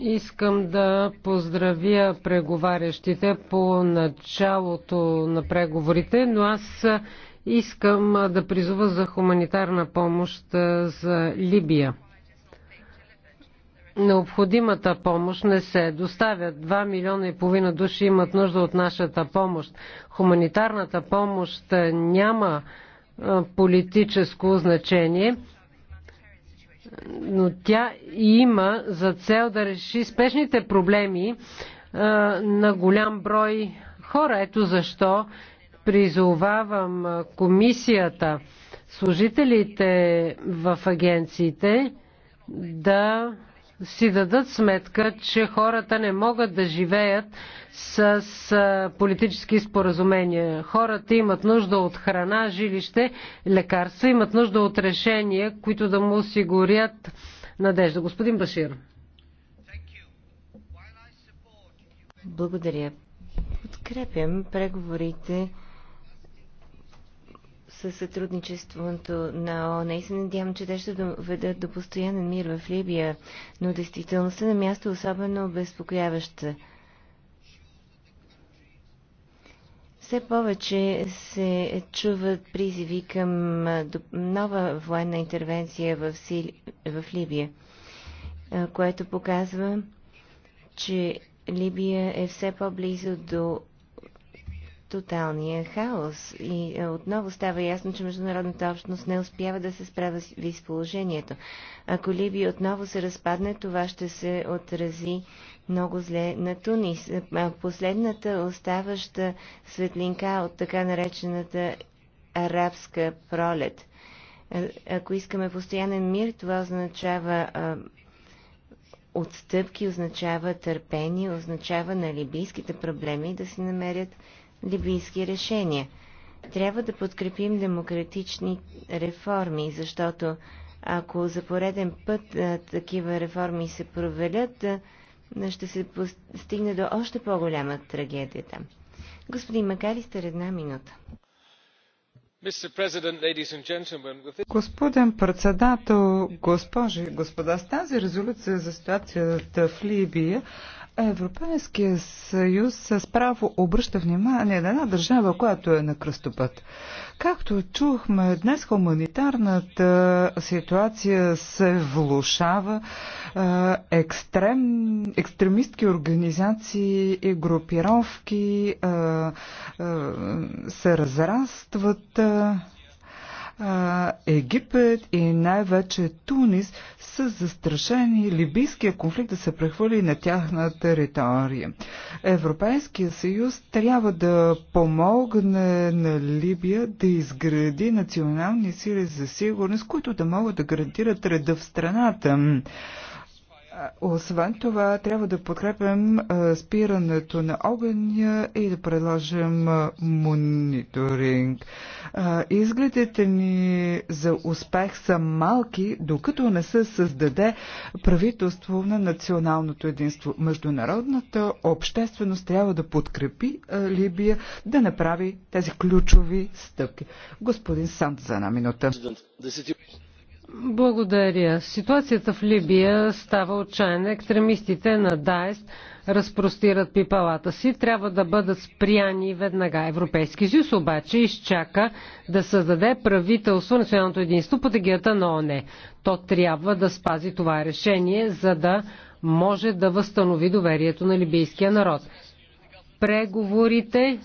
Искам да поздравя преговарящите по началото на преговорите, но аз Искам да призова за хуманитарна помощ за Либия. Необходимата помощ не се доставя. Два милиона и половина души имат нужда от нашата помощ. Хуманитарната помощ няма политическо значение, но тя има за цел да реши спешните проблеми на голям брой хора. Ето защо Призовавам комисията, служителите в агенциите да си дадат сметка, че хората не могат да живеят с политически споразумения. Хората имат нужда от храна, жилище, лекарства, имат нужда от решения, които да му осигурят надежда. Господин Башир. Благодаря. Подкрепям преговорите със сътрудничеството на ООН и се надявам, че те ще доведат до постоянен мир в Либия, но действителността на място е особено обезпокояваща. Все повече се чуват призиви към нова военна интервенция в, Сили... в Либия, което показва, че Либия е все по-близо до тоталния хаос. И е, отново става ясно, че международната общност не успява да се справя с положението. Ако Либия отново се разпадне, това ще се отрази много зле на Тунис. Е, последната оставаща светлинка от така наречената арабска пролет. Е, ако искаме постоянен мир, това означава отстъпки, означава търпение, означава на либийските проблеми да си намерят либийски решения. Трябва да подкрепим демократични реформи, защото ако за пореден път а, такива реформи се провелят, а, ще се стигне до още по-голяма трагедия там. Господин Макалистър, една минута. Господин председател, госпожи и господа, с тази резолюция за ситуацията в Либия Европейският съюз с право обръща внимание на една държава, която е на кръстопът. Както чухме, днес хуманитарната ситуация се влушава. Екстрем, екстремистки организации и групировки се разрастват. Египет и най-вече Тунис са застрашени либийския конфликт да се прехвърли на тяхна територия. Европейския съюз трябва да помогне на Либия да изгради национални сили за сигурност, които да могат да гарантират реда в страната. Освен това, трябва да подкрепим спирането на огъня и да предложим мониторинг. Изгледите ни за успех са малки, докато не се създаде правителство на националното единство. Международната общественост трябва да подкрепи Либия да направи тези ключови стъпки. Господин Сант за една минута. Благодаря. Ситуацията в Либия става отчаяна. Екстремистите на Даест разпростират пипалата си. Трябва да бъдат спряни веднага. Европейски съюз обаче изчака да създаде правителство националното единство под егията на ОНЕ. То трябва да спази това решение, за да може да възстанови доверието на либийския народ. Преговорите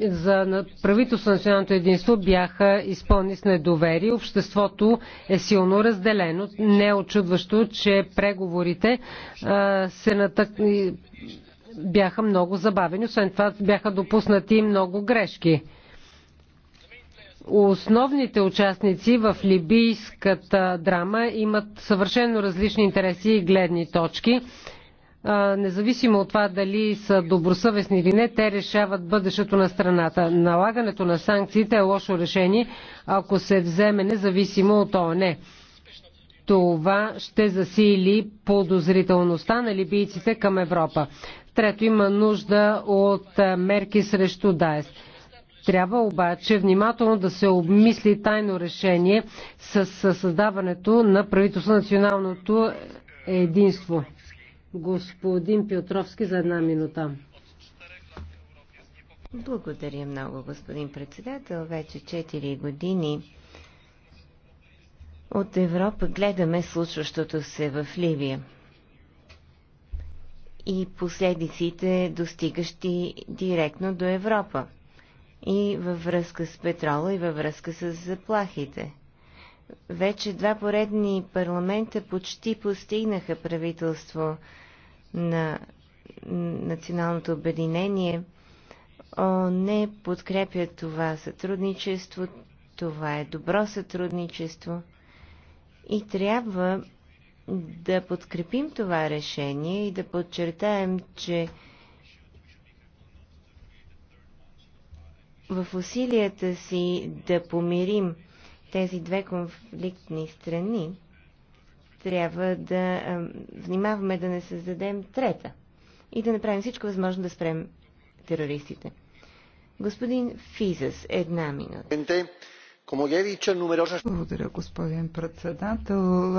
за правителство на националното единство бяха изпълни с недоверие. Обществото е силно разделено. Не е очудващо, че преговорите а, се натък... бяха много забавени. Освен това бяха допуснати много грешки. Основните участници в либийската драма имат съвършено различни интереси и гледни точки независимо от това дали са добросъвестни или не, те решават бъдещето на страната. Налагането на санкциите е лошо решение, ако се вземе независимо от ОНЕ. Това ще засили подозрителността на либийците към Европа. Трето, има нужда от мерки срещу ДАЕС. Трябва обаче внимателно да се обмисли тайно решение с създаването на правителство националното единство. Господин Петровски за една минута. Благодаря много, господин председател. Вече 4 години от Европа гледаме случващото се в Ливия и последиците, достигащи директно до Европа и във връзка с петрола и във връзка с заплахите. Вече два поредни парламента почти постигнаха правителство на Националното обединение не подкрепя това сътрудничество. Това е добро сътрудничество и трябва да подкрепим това решение и да подчертаем, че в усилията си да помирим тези две конфликтни страни, трябва да внимаваме да не създадем трета и да направим всичко възможно да спрем терористите. Господин Физас, една минута. Благодаря, господин председател.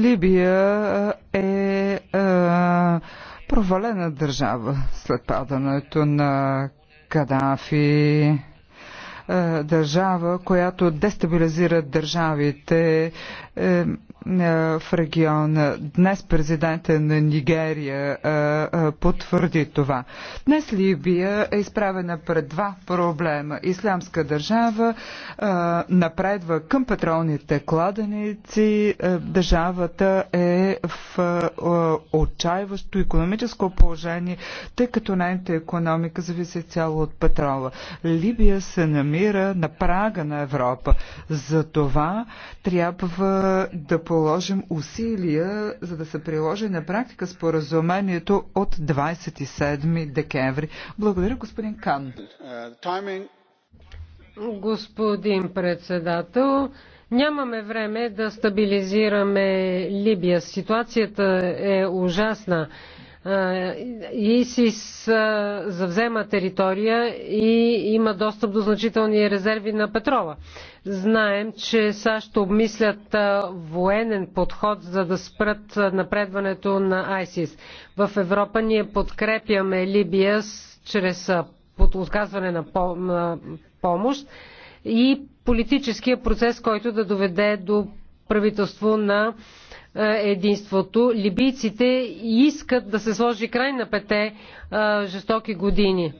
Либия е, е провалена държава след падането на Кадафи, е, държава, която дестабилизира държавите е, е, в региона. Днес президента на Нигерия е, потвърди това. Днес Либия е изправена пред два проблема. Ислямска държава напредва към петролните кладеници. Държавата е в отчаиващо економическо положение, тъй като нейната економика зависи цяло от петрола. Либия се намира на прага на Европа. За това трябва да положим усилия, за да се приложи на практика споразумението от 27 декември. Благодаря, господин Кан. Господин председател, нямаме време да стабилизираме Либия. Ситуацията е ужасна. Е, ИСИС е, завзема територия и има достъп до значителни резерви на петрола. Знаем, че САЩ обмислят е, военен подход, за да спрат напредването на ISIS. В Европа ние подкрепяме Либия чрез отказване на помощ и политическия процес, който да доведе до правителство на е, единството. Либийците искат да се сложи край на пете е, жестоки години.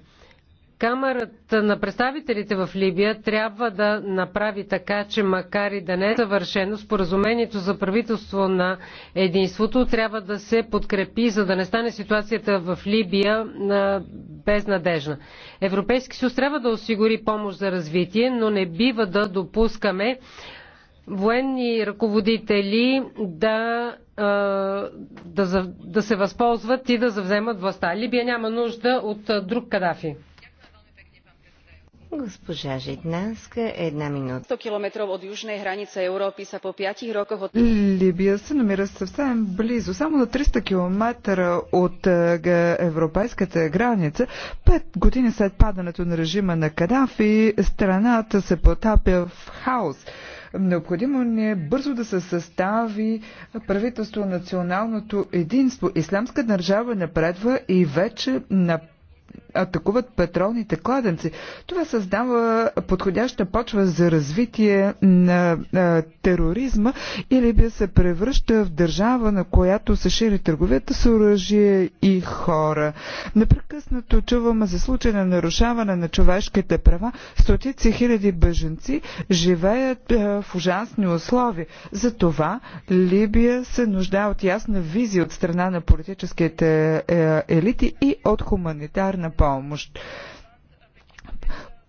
Камерата на представителите в Либия трябва да направи така, че макар и да не е съвършено, споразумението за правителство на единството трябва да се подкрепи, за да не стане ситуацията в Либия е, безнадежна. Европейски съюз трябва да осигури помощ за развитие, но не бива да допускаме военни ръководители да, да, да се възползват и да завземат властта. Либия няма нужда от друг Кадафи. Госпожа Житнанска, една минута. 100 км от южна граница Европи са по 5 роков от... Либия се намира съвсем близо, само на 300 км от европейската граница. Пет години след падането на режима на Кадафи, страната се потапя в хаос. Необходимо ни е бързо да се състави правителство националното единство. Исламска държава напредва и вече напредва атакуват петролните кладенци. Това създава подходяща почва за развитие на, а, тероризма и Либия се превръща в държава, на която се шири търговията с оръжие и хора. Непрекъснато чуваме за случай на нарушаване на човешките права. Стотици хиляди беженци живеят а, в ужасни условия. Затова Либия се нуждае от ясна визия от страна на политическите е, елити и от хуманитар на помощ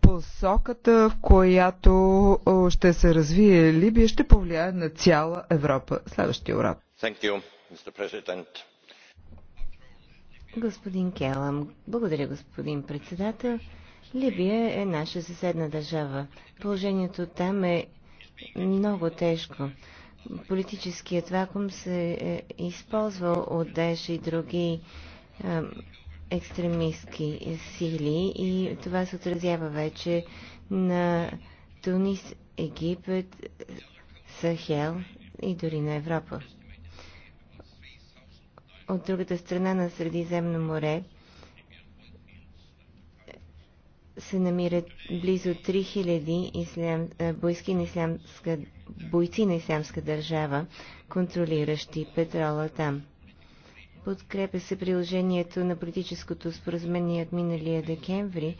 посоката, в която ще се развие Либия, ще повлияе на цяла Европа. Следващия урок. Господин Келам, благодаря господин председател. Либия е наша съседна държава. Положението там е много тежко. Политическият вакуум се е използвал от Деш и други екстремистски сили и това се отразява вече на Тунис, Египет, Сахел и дори на Европа. От другата страна на Средиземно море се намират близо 3000 ислям, е, бойски на ислямска, бойци на ислямска държава, контролиращи петрола там. Подкрепя се приложението на политическото споразумение от миналия декември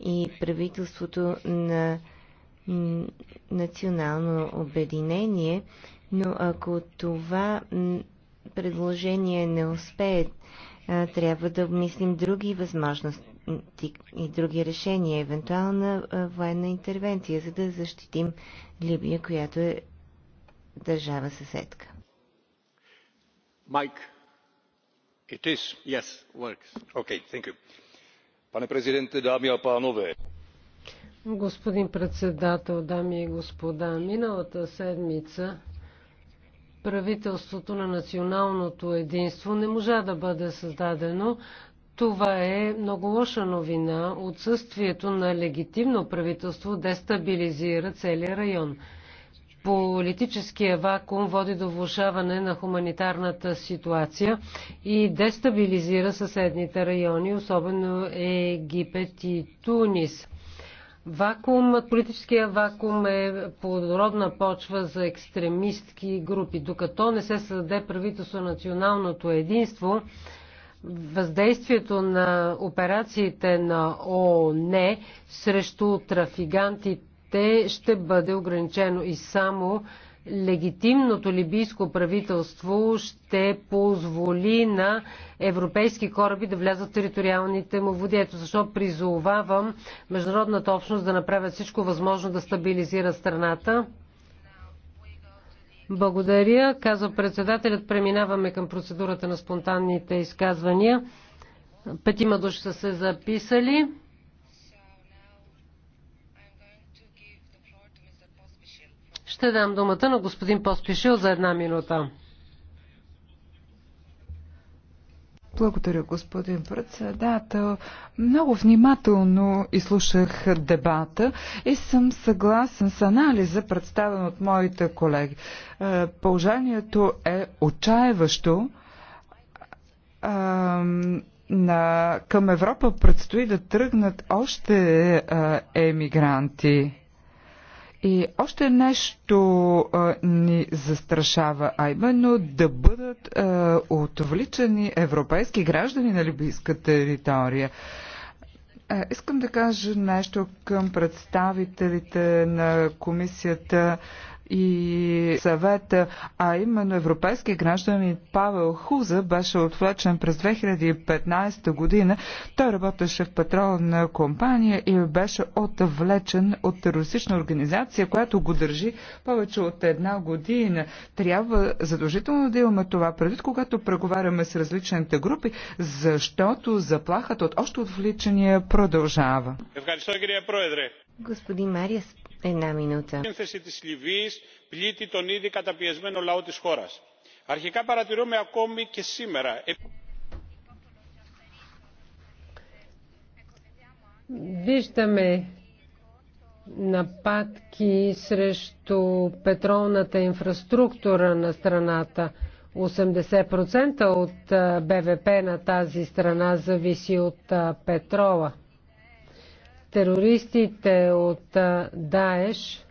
и правителството на национално обединение, но ако това предложение не успее, трябва да обмислим други възможности и други решения, евентуална военна интервенция, за да защитим Либия, която е държава съседка. Майк pane presidente dámy a pánové господин председател дами и господа миналата седмица правителството на националното единство не можа да бъде създадено това е много лоша новина отсъствието на легитимно правителство дестабилизира целия район политическия вакуум води до влушаване на хуманитарната ситуация и дестабилизира съседните райони, особено Египет и Тунис. Вакуум, политическия вакуум е плодородна почва за екстремистки групи. Докато не се създаде правителство на националното единство, въздействието на операциите на ООН срещу трафигантите бъдеще ще бъде ограничено и само легитимното либийско правителство ще позволи на европейски кораби да влязат в териториалните му води. Ето защо призовавам международната общност да направят всичко възможно да стабилизира страната. Благодаря, казва председателят. Преминаваме към процедурата на спонтанните изказвания. Петима души са се записали. Ще дам думата на господин Поспишил за една минута. Благодаря, господин председател. Много внимателно изслушах дебата и съм съгласен с анализа, представен от моите колеги. Е, положението е отчаяващо. Е, към Европа предстои да тръгнат още е, емигранти. И още нещо а, ни застрашава, а именно да бъдат а, отвличани европейски граждани на либийска територия. А, искам да кажа нещо към представителите на комисията и съвета, а именно европейски гражданин Павел Хуза беше отвлечен през 2015 година. Той работеше в петролна компания и беше отвлечен от терористична организация, която го държи повече от една година. Трябва задължително да имаме това предвид, когато преговаряме с различните групи, защото заплахата от още отвличания продължава. Е Господин Мариас, Една минута. Αρχικά παρατηρούμε ακόμη και σήμερα Виждаме нападки срещу петролната инфраструктура на страната. 80% от БВП на тази страна зависи от петрола. Терористите от Даеш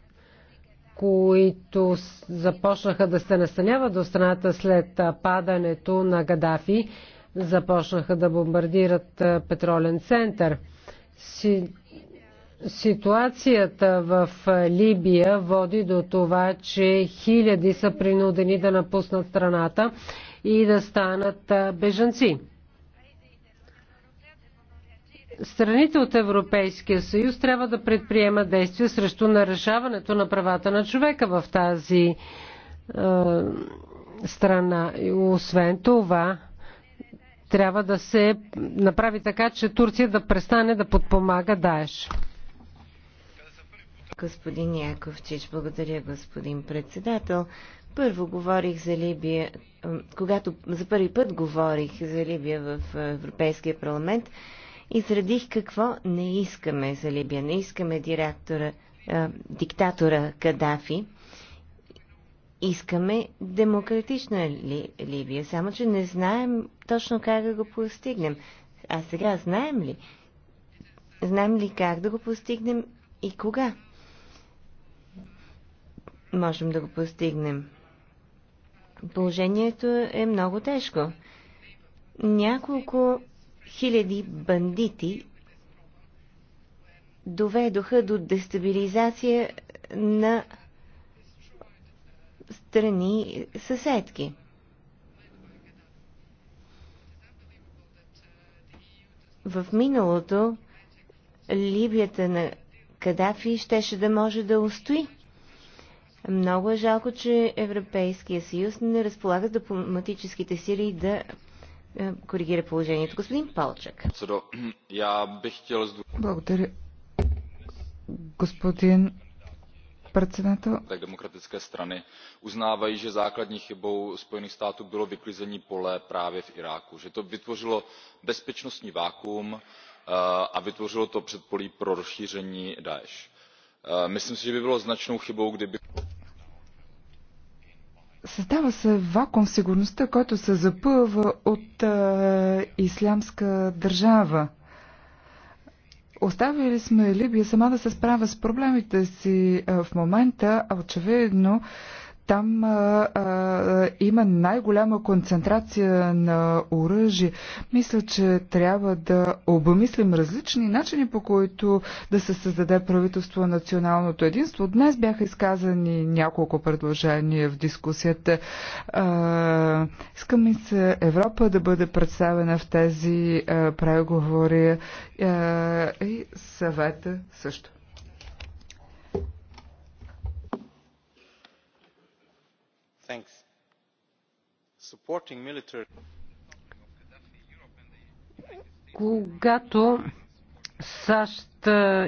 които започнаха да се настаняват до страната след падането на Гадафи, започнаха да бомбардират петролен център. Си... Ситуацията в Либия води до това, че хиляди са принудени да напуснат страната и да станат бежанци. Страните от Европейския съюз трябва да предприемат действия срещу нарешаването на правата на човека в тази е, страна. И освен това, трябва да се направи така, че Турция да престане да подпомага Даеш. Господин Яковчич, благодаря господин председател. Първо говорих за Либия, когато за първи път говорих за Либия в е, Европейския парламент, изредих какво не искаме за Либия. Не искаме директора, а, диктатора Кадафи. Искаме демократична ли, Либия, само че не знаем точно как да го постигнем. А сега знаем ли? Знаем ли как да го постигнем и кога? Можем да го постигнем. Положението е много тежко. Няколко хиляди бандити доведоха до дестабилизация на страни съседки. В миналото Либията на Кадафи щеше да може да устои. Много е жалко, че Европейския съюз не разполага с дипломатическите сили да коригира положението. Господин Полчак. Благодаря. Господин председател. Демократическé strany uznávají, že základní chybou Spojených států bylo vyklizení pole právě v Iráku, že to vytvořilo bezpečnostní vákuum a vytvořilo to předpolí pro rozšíření Daesh. Myslím si, že by bylo značnou chybou, kdyby Създава се вакуум в сигурността, който се запълва от а, ислямска държава. Оставили сме Либия сама да се справя с проблемите си а, в момента, а очевидно там а, а, има най-голяма концентрация на оръжие. Мисля, че трябва да обмислим различни начини, по които да се създаде правителство на националното единство. Днес бяха изказани няколко предложения в дискусията. А, искам и се Европа да бъде представена в тези а, преговори а, и съвета също. Когато САЩ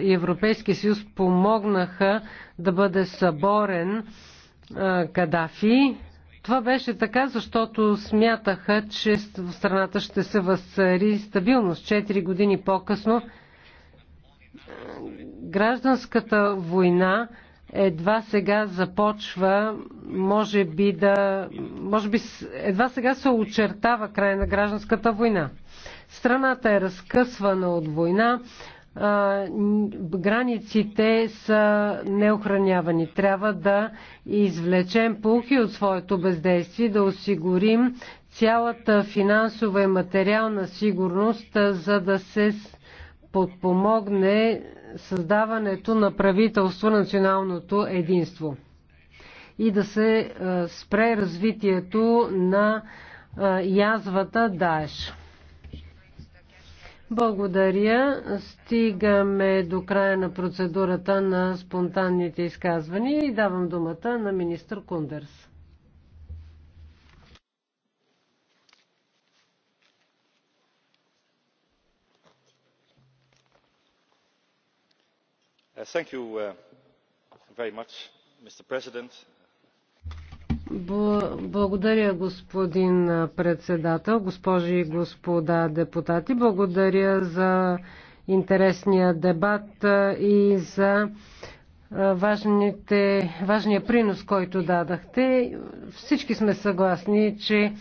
и Европейския съюз помогнаха да бъде съборен Кадафи, това беше така, защото смятаха, че в страната ще се възцари стабилност. Четири години по-късно гражданската война едва сега започва, може би да, може би едва сега се очертава край на гражданската война. Страната е разкъсвана от война, границите са неохранявани. Трябва да извлечем полки от своето бездействие, да осигурим цялата финансова и материална сигурност, за да се подпомогне създаването на правителство националното единство и да се е, спре развитието на е, язвата Даеш. Благодаря. Стигаме до края на процедурата на спонтанните изказвания и давам думата на министър Кундерс. Uh, uh, благодаря, господин председател, госпожи и господа депутати. Благодаря за интересния дебат и за важните, важния принос, който дадахте. Всички сме съгласни, че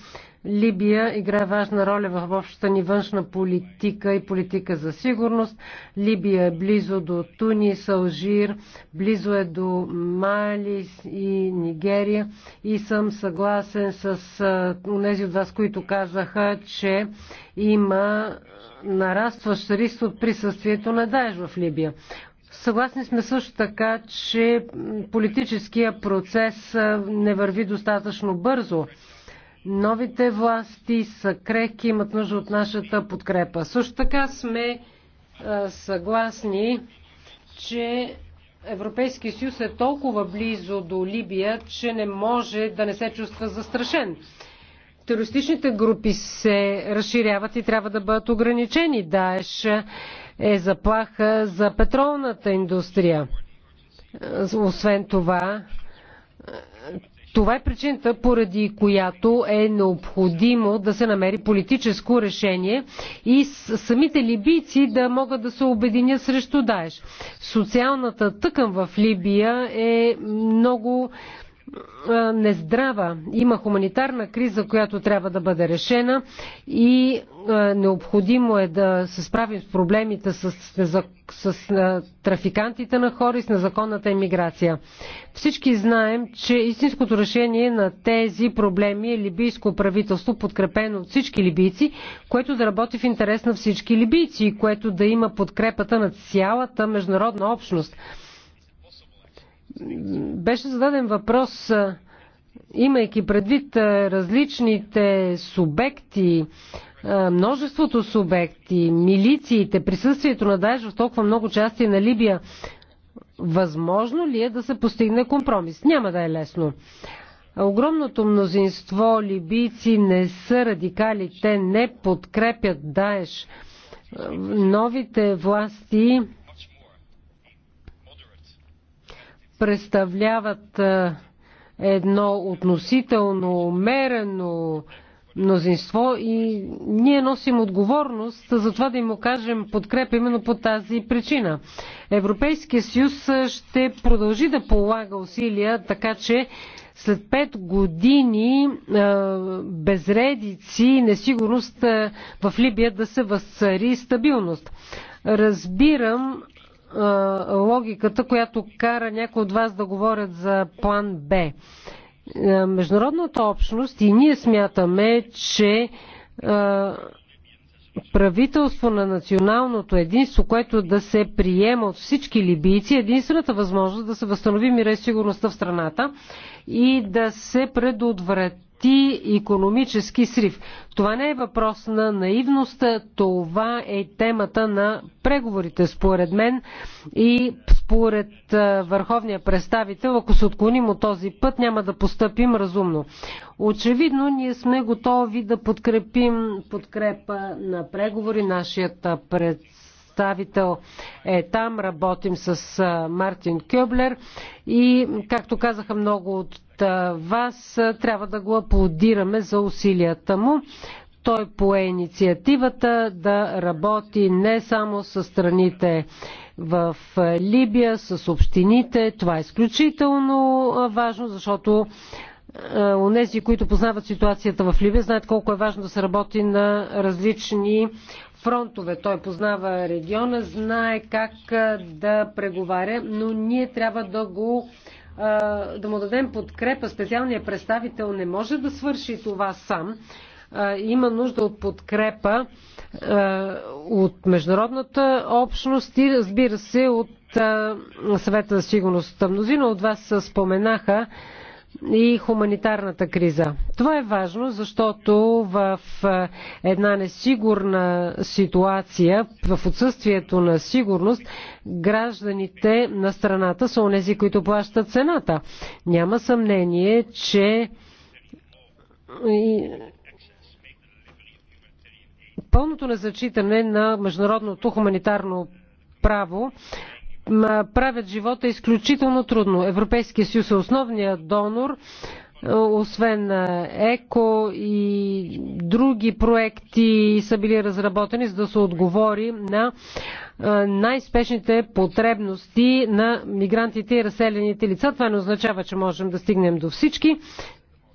Либия играе важна роля в общата ни външна политика и политика за сигурност. Либия е близо до Тунис, Алжир, близо е до Мали и Нигерия. И съм съгласен с тези от вас, които казаха, че има нарастващ риск от присъствието на Даеш в Либия. Съгласни сме също така, че политическия процес не върви достатъчно бързо Новите власти са креки, имат нужда от нашата подкрепа. Също така сме е, съгласни, че Европейския съюз е толкова близо до Либия, че не може да не се чувства застрашен. Терористичните групи се разширяват и трябва да бъдат ограничени. Даеш е заплаха за петролната индустрия. Е, освен това, това е причината, поради която е необходимо да се намери политическо решение и самите либийци да могат да се обединят срещу Даеш. Социалната тъкан в Либия е много нездрава. Има хуманитарна криза, която трябва да бъде решена и необходимо е да се справим с проблемите с, с, с, с трафикантите на хора и с незаконната иммиграция. Всички знаем, че истинското решение на тези проблеми е либийско правителство, подкрепено от всички либийци, което да работи в интерес на всички либийци и което да има подкрепата на цялата международна общност. Беше зададен въпрос, имайки предвид различните субекти, множеството субекти, милициите, присъствието на Даеш в толкова много части на Либия, възможно ли е да се постигне компромис? Няма да е лесно. Огромното мнозинство либийци не са радикали, те не подкрепят Даеш. Новите власти представляват едно относително умерено мнозинство и ние носим отговорност за това да им окажем подкрепа именно по тази причина. Европейския съюз ще продължи да полага усилия, така че след пет години безредици и несигурност в Либия да се възцари стабилност. Разбирам е, логиката, която кара някои от вас да говорят за план Б. Е, международната общност и ние смятаме, че е, правителство на националното единство, което да се приема от всички либийци, единствената възможност да се възстанови мира и сигурността в страната и да се предотврати ти економически срив. Това не е въпрос на наивност, това е темата на преговорите според мен и според върховния представител. Ако се отклоним от този път, няма да постъпим разумно. Очевидно, ние сме готови да подкрепим подкрепа на преговори. Нашият представител е там, работим с Мартин Кюблер и, както казаха много от вас. Трябва да го аплодираме за усилията му. Той пое инициативата да работи не само с страните в Либия, с общините. Това е изключително важно, защото онези, които познават ситуацията в Либия, знаят колко е важно да се работи на различни фронтове. Той познава региона, знае как да преговаря, но ние трябва да го да му дадем подкрепа. Специалният представител не може да свърши това сам. Има нужда от подкрепа от международната общност и разбира се от съвета за сигурност. Мнозина от вас споменаха и хуманитарната криза. Това е важно, защото в е, една несигурна ситуация, в отсъствието на сигурност, гражданите на страната са онези, които плащат цената. Няма съмнение, че пълното незачитане на международното хуманитарно право правят живота изключително трудно. Европейския съюз е основният донор, освен ЕКО и други проекти са били разработени, за да се отговори на най-спешните потребности на мигрантите и разселените лица. Това не означава, че можем да стигнем до всички,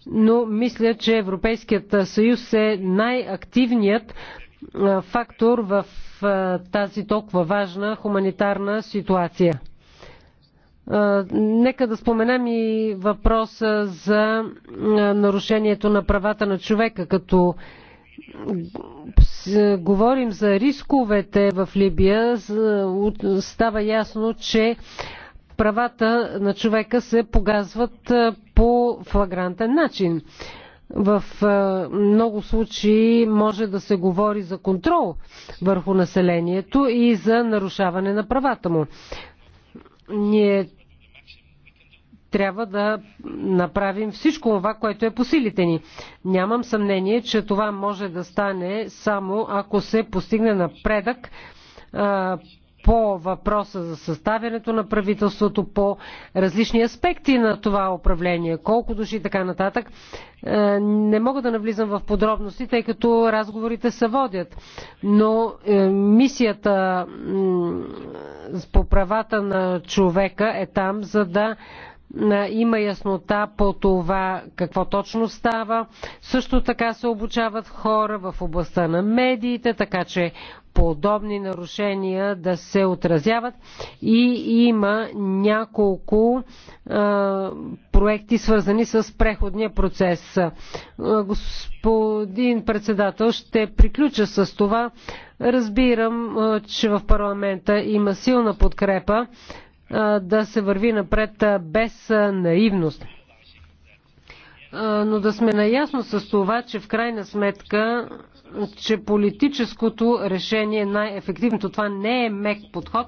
но мисля, че Европейският съюз е най-активният е, фактор в е, тази толкова важна хуманитарна ситуация. Е, нека да споменам и въпроса за нарушението на правата на човека, като говорим за рисковете в Либия, става ясно, че правата на човека се погазват по флагрантен начин. В е, много случаи може да се говори за контрол върху населението и за нарушаване на правата му. Ние трябва да направим всичко това, което е по силите ни. Нямам съмнение, че това може да стане само ако се постигне напредък е, по въпроса за съставянето на правителството, по различни аспекти на това управление, колко души и така нататък. Е, не мога да навлизам в подробности, тъй като разговорите се водят. Но е, мисията по правата на човека е там, за да е, има яснота по това какво точно става. Също така се обучават хора в областта на медиите, така че подобни нарушения да се отразяват и има няколко а, проекти свързани с преходния процес. Господин председател, ще приключа с това. Разбирам, а, че в парламента има силна подкрепа а, да се върви напред а, без а, наивност но да сме наясно с това, че в крайна сметка че политическото решение е най-ефективното. Това не е мек подход.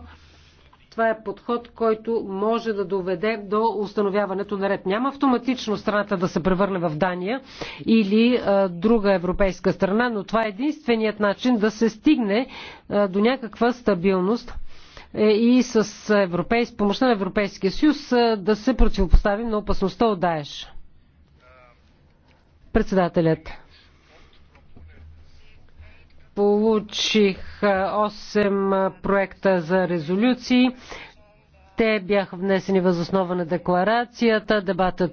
Това е подход, който може да доведе до установяването на ред. Няма автоматично страната да се превърне в Дания или а, друга европейска страна, но това е единственият начин да се стигне а, до някаква стабилност е, и с европейс, помощта на Европейския съюз да се противопоставим на опасността от Даеш. Председателят. Получих 8 проекта за резолюции. Те бяха внесени възоснова на декларацията. Дебатът